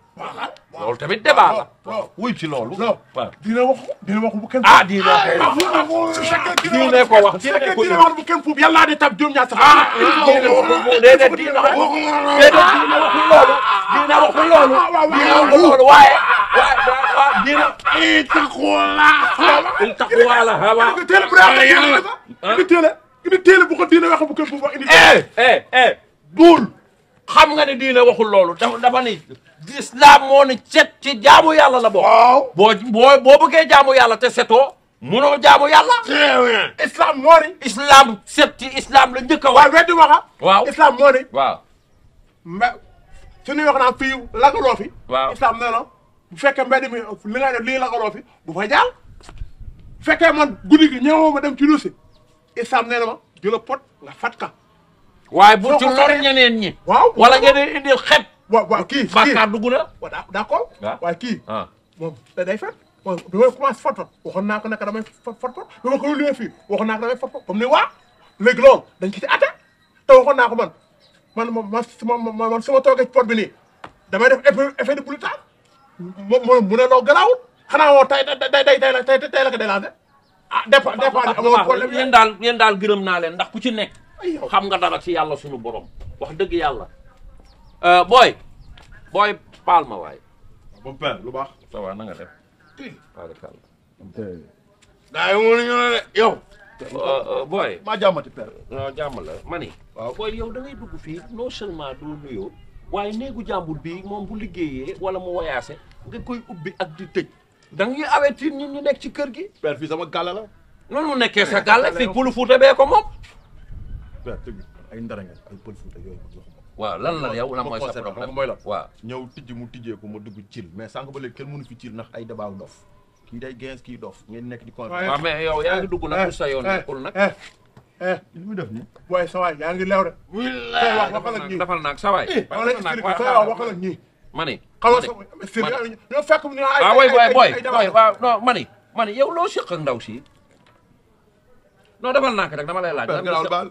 loolu tamit débat la. wuy ci loolu. waaw dina wax wax bu kenn. ah dina wax ah, ah, dina ko wax dina ko dina bu kenn puub tab juróom ñaar sax. dina wax déedéet dina wax déedéet dina waxul loolu. dina waxul loolu. dina waxul loolu dina. itaquwala. a a bu ko dina wax bu kenn puub ah, wax indi. xam nga ne diine waxul loolu dafa dafa ni islam moo set ci jaamu yàlla la bokk. boo boo boo bëggee jaamu yàlla te setoo. munoo jaamu yàlla. Eh islam moo ni. islam set ci islam la njëkk a wax. waaw weddi waxa. waaw islam moo ni. waaw. mais suñuy wax naan bu fekkee mbedd mi li nga def lii lagaloo fi bu fa jàll. bu fekkee man guddi gi ñëwoo ma dem ci luusi islam nee na ma jëla pot nga fat ka waaye bu ci lor ñeneen ñi. waaw wala nga dee indil xet. waaw waaw kii kii bàkkaar dugg wa waaw d' accord. Ah. waaye kii. Ah. moom day fen. moom bi may commencé fotton waxoon naa ko naka damay fotton bi ma ko luwee fii waxoon naa ko damay fotton comme ni waa léegi loolu dañ ci atte te waxoon naa ko man man man man man su ma toogee ci pot bi nii damay def effet de boule tard mu mu ne loo garaawul xanaa woo tay day day tay la tay la ko délangé ah dépend dépend amul problème yéen daal yéen daal gërëm naa leen ndax ku ci nekk xam nga dara ci yàlla sunu borom wax dëgg yàlla boy euh, booy paal ma waaye bon lu baax ça va na nga def barikàlla daa yi mu ñu ne de yow euh, euh, booy maa jàmmati père ma ni yow da ngay dugg fii non seulement du nuyoo waaye néegu jàmbur bii moom bu liggéeyee wala mu wayaase nga koy ubbi ak di tëj da ngay avertir ñun ñu nekk ci kër gi per fii sama gàlla la noonu mu nekkee sa gàlla fii pulu fuuta bee ko moom ay ndara ngeen ay pël fuuta yooyu ma jox waaw lan la yow lan mooy sa problème mooy la waaw ñëw tijj mu tijjee ko ma dugg cil mais sànq ba léegi kenn mënu fi cil ndax ay dabaaw dof kii day gens kii dof ngeen nekk di kon waaw mais yow yaa ngi dugg nag eh, sa yoon eh, nekkul nag eh, eh li muy def nii. waaye sa waay yaa ngi lew de. wax waxal ak ñii dafal naag sa waay. waxal ak ñii. ma ni. xaw ma sëñ bi ñoo fekk mu ne ay ah, ay ay ay dama waaw non ma ni ma ni yow loo seq ak ndaw si. non defal nànk rek dama lay laaj.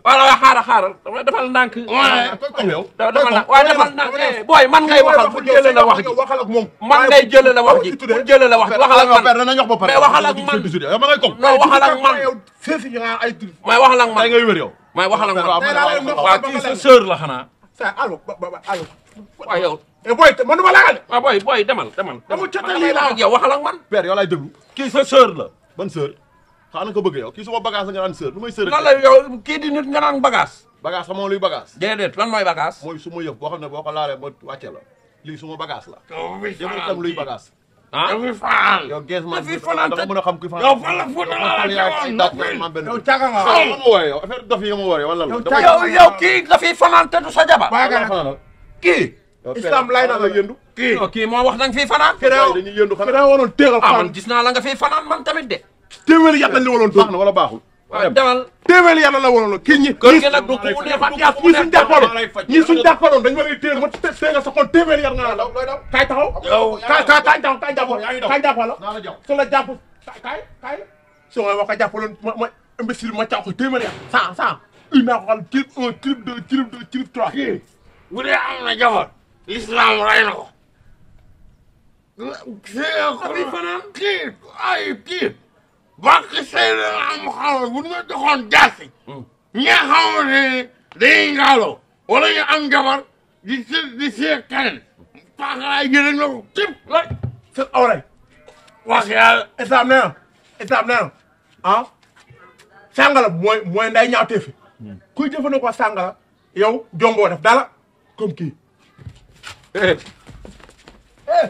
waaw waaw xaaral xaaral defal nànk. waaye comme yow. defal nànk waaye defal nànk booy man ngay waxal bu jëlee la wax ji waxal ak moom. man ngay jëlee la wax ji bu jëlee la wax ji waxal ak man mais waxal ak man non waxal ak man. mais waxal ak man tey ngay wér yow. mais waxal ak man waaw kii sa sœur la xanaa. allo allo. waaw yow. boy manuma laal. waaw boy boy demal demal. amul ca tey lii la ak yow waxal ak man. père yow laay déglu kii sa sœur la ban sœur xana ko bëgg yow ki suma bagage nga naan seur lumay may seur lan la yow ki di nit nga naan bagage bagage sama luy bagage déedéet lan moy bagage moy suma yëf bo xam boko boo ba waccé la li suma bagage la yow tam luy bagage ah yow faal yow gees man dama mën a xam kuy faal yow fan la fu na la yow caga ma wooye yow affaire dof yi nga ma wooye wala islam lay na la yëndu kii kii moo wax na nga fii fanaan dañuy yëndu xanaa waroon teegal ah, fanaan gis naa téeméeri yàlla la waloon baax na wala baaxul. waaw demal téeméeri yàlla la waloon kii ñi. kër gi nag du ku mu neexoon yaa ku mu neexoon yaa ma lay faj ñi suñu jàppaloon dañu ma lay téye ma téye nga sa kon téeméeri yàlla naa la daw. kaay taxaw yow kaay kaay kaay taxaw kaay jàpp la. naa la na ko. waxi Seydina Muhammad bu ñu joxoon jaasi. Hmm. ñi nga xamante ne dañuy am jabar di si di see keneen. paakalaay gi dañ ko tip rek. sëñ Awalay. wax yàlla islam nee na islam nee na ah. sàngara mooy mooy nday ñaawteefi. Hmm. kuy jëfandikoo sàngara yow jomboo def dara comme kii. eh. eh.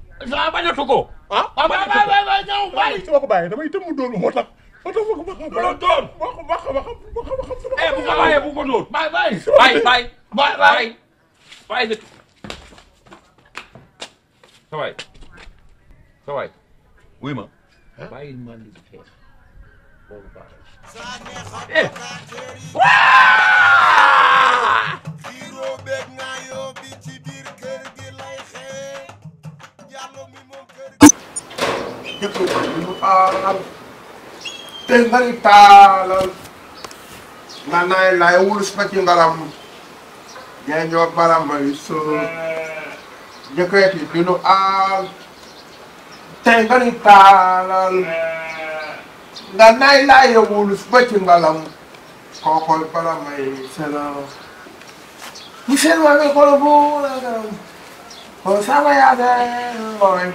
bañatu ko ah bañatu ko way ci wako baye damay tëm mu doon moo tax moo tax wako baxa doon doon wako baxa baxa baxa baxa eh bu ko baye bu ko doon bay bay bay bay bay bay bay de saway saway wuy ma bayil ma li di xeex boobu baax eh waa jëkkër te ngari taalal nga naay laay wulus ma ci ngaram jeeñoo barambay soo jëkkëti dinu aal te ngari taalal nga naay laay wulus ma ci ngalam kookoy barambay sela mi seen waa ngi kolo buura garam koo sama yaa de looy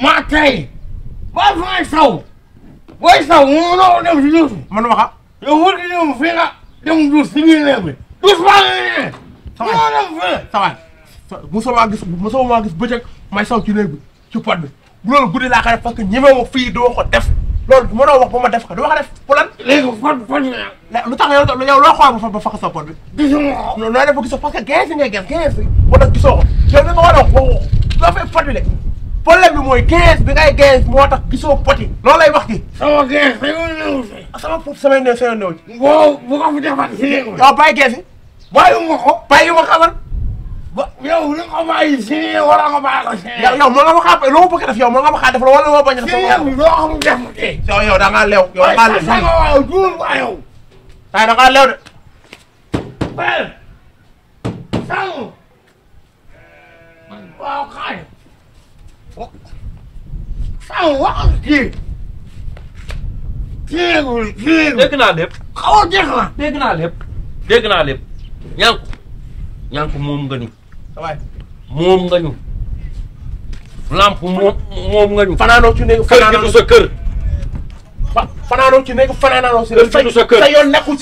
Matei! Vai vai sal! Vai sal, um não deu de luz. Mano, vai. Eu vou te dar um finger, deu um dos mil leve. Dos vale! Tá bom. Tá bom. Musa ma gis, musa ma gis bëjëk, may saw ci neeg bi ci pod bi. Bu loolu guddi laa ko def parce que ñemewu fii doo ko def. loolu mënoo wax ba ma def ko du ma ko def pour lan. léegi la. lu tax yow yow loo xool ba a ba fa sa pot bi. gisuma ko. non ko yow li ma bi mooy 15 bi ngay 15 moo tax gisoo pot yi. loolu lay wax sama 15 sa yoon néew sama pot samay néew sa yoon néew ci. boo bu ko fi defaat si léegi. waaw bàyyi 15 yi. bàyyi ma ko bàyyi ma ko amal. yow li nga bàyyi si nii wala nga bàyyi ko si nii. yow yow mën nga ma xaar loo bëgg a def yow mën nga ma xaar def la wala ma bañ a def. si yow loo xam def tey. yow yow da ngaa leew yow da ngaa leew. waaye sa waaw duul ko yow. waaye da ngaa leew de. waaye sànq. waaw xaar. sànq waxal kii. kiiagul kiiagul. dégg naa lépp. xaw a dégg naa. dégg naa lépp. dégg naa lépp. ñànku ñànku moom nga ni. moom nga ñu. lamp moom nga ñu. fanaanoo ci néegu fanaanoo kër gi du sa kër. fanaanoo ci néegu fanaanoo si. kër gi yoon nekku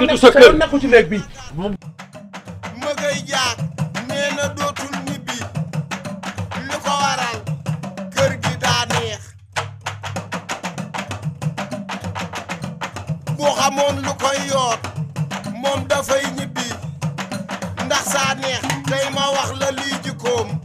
gi du sa kër sa yoon nekku ci néeg bi. ma koy jaar nee na dootul ñibbi lu ko waral kër gi daa neex xamoon lu koy yoot moom dafay ñibbi. ndax saa neex tey ma wax la lii jikkoom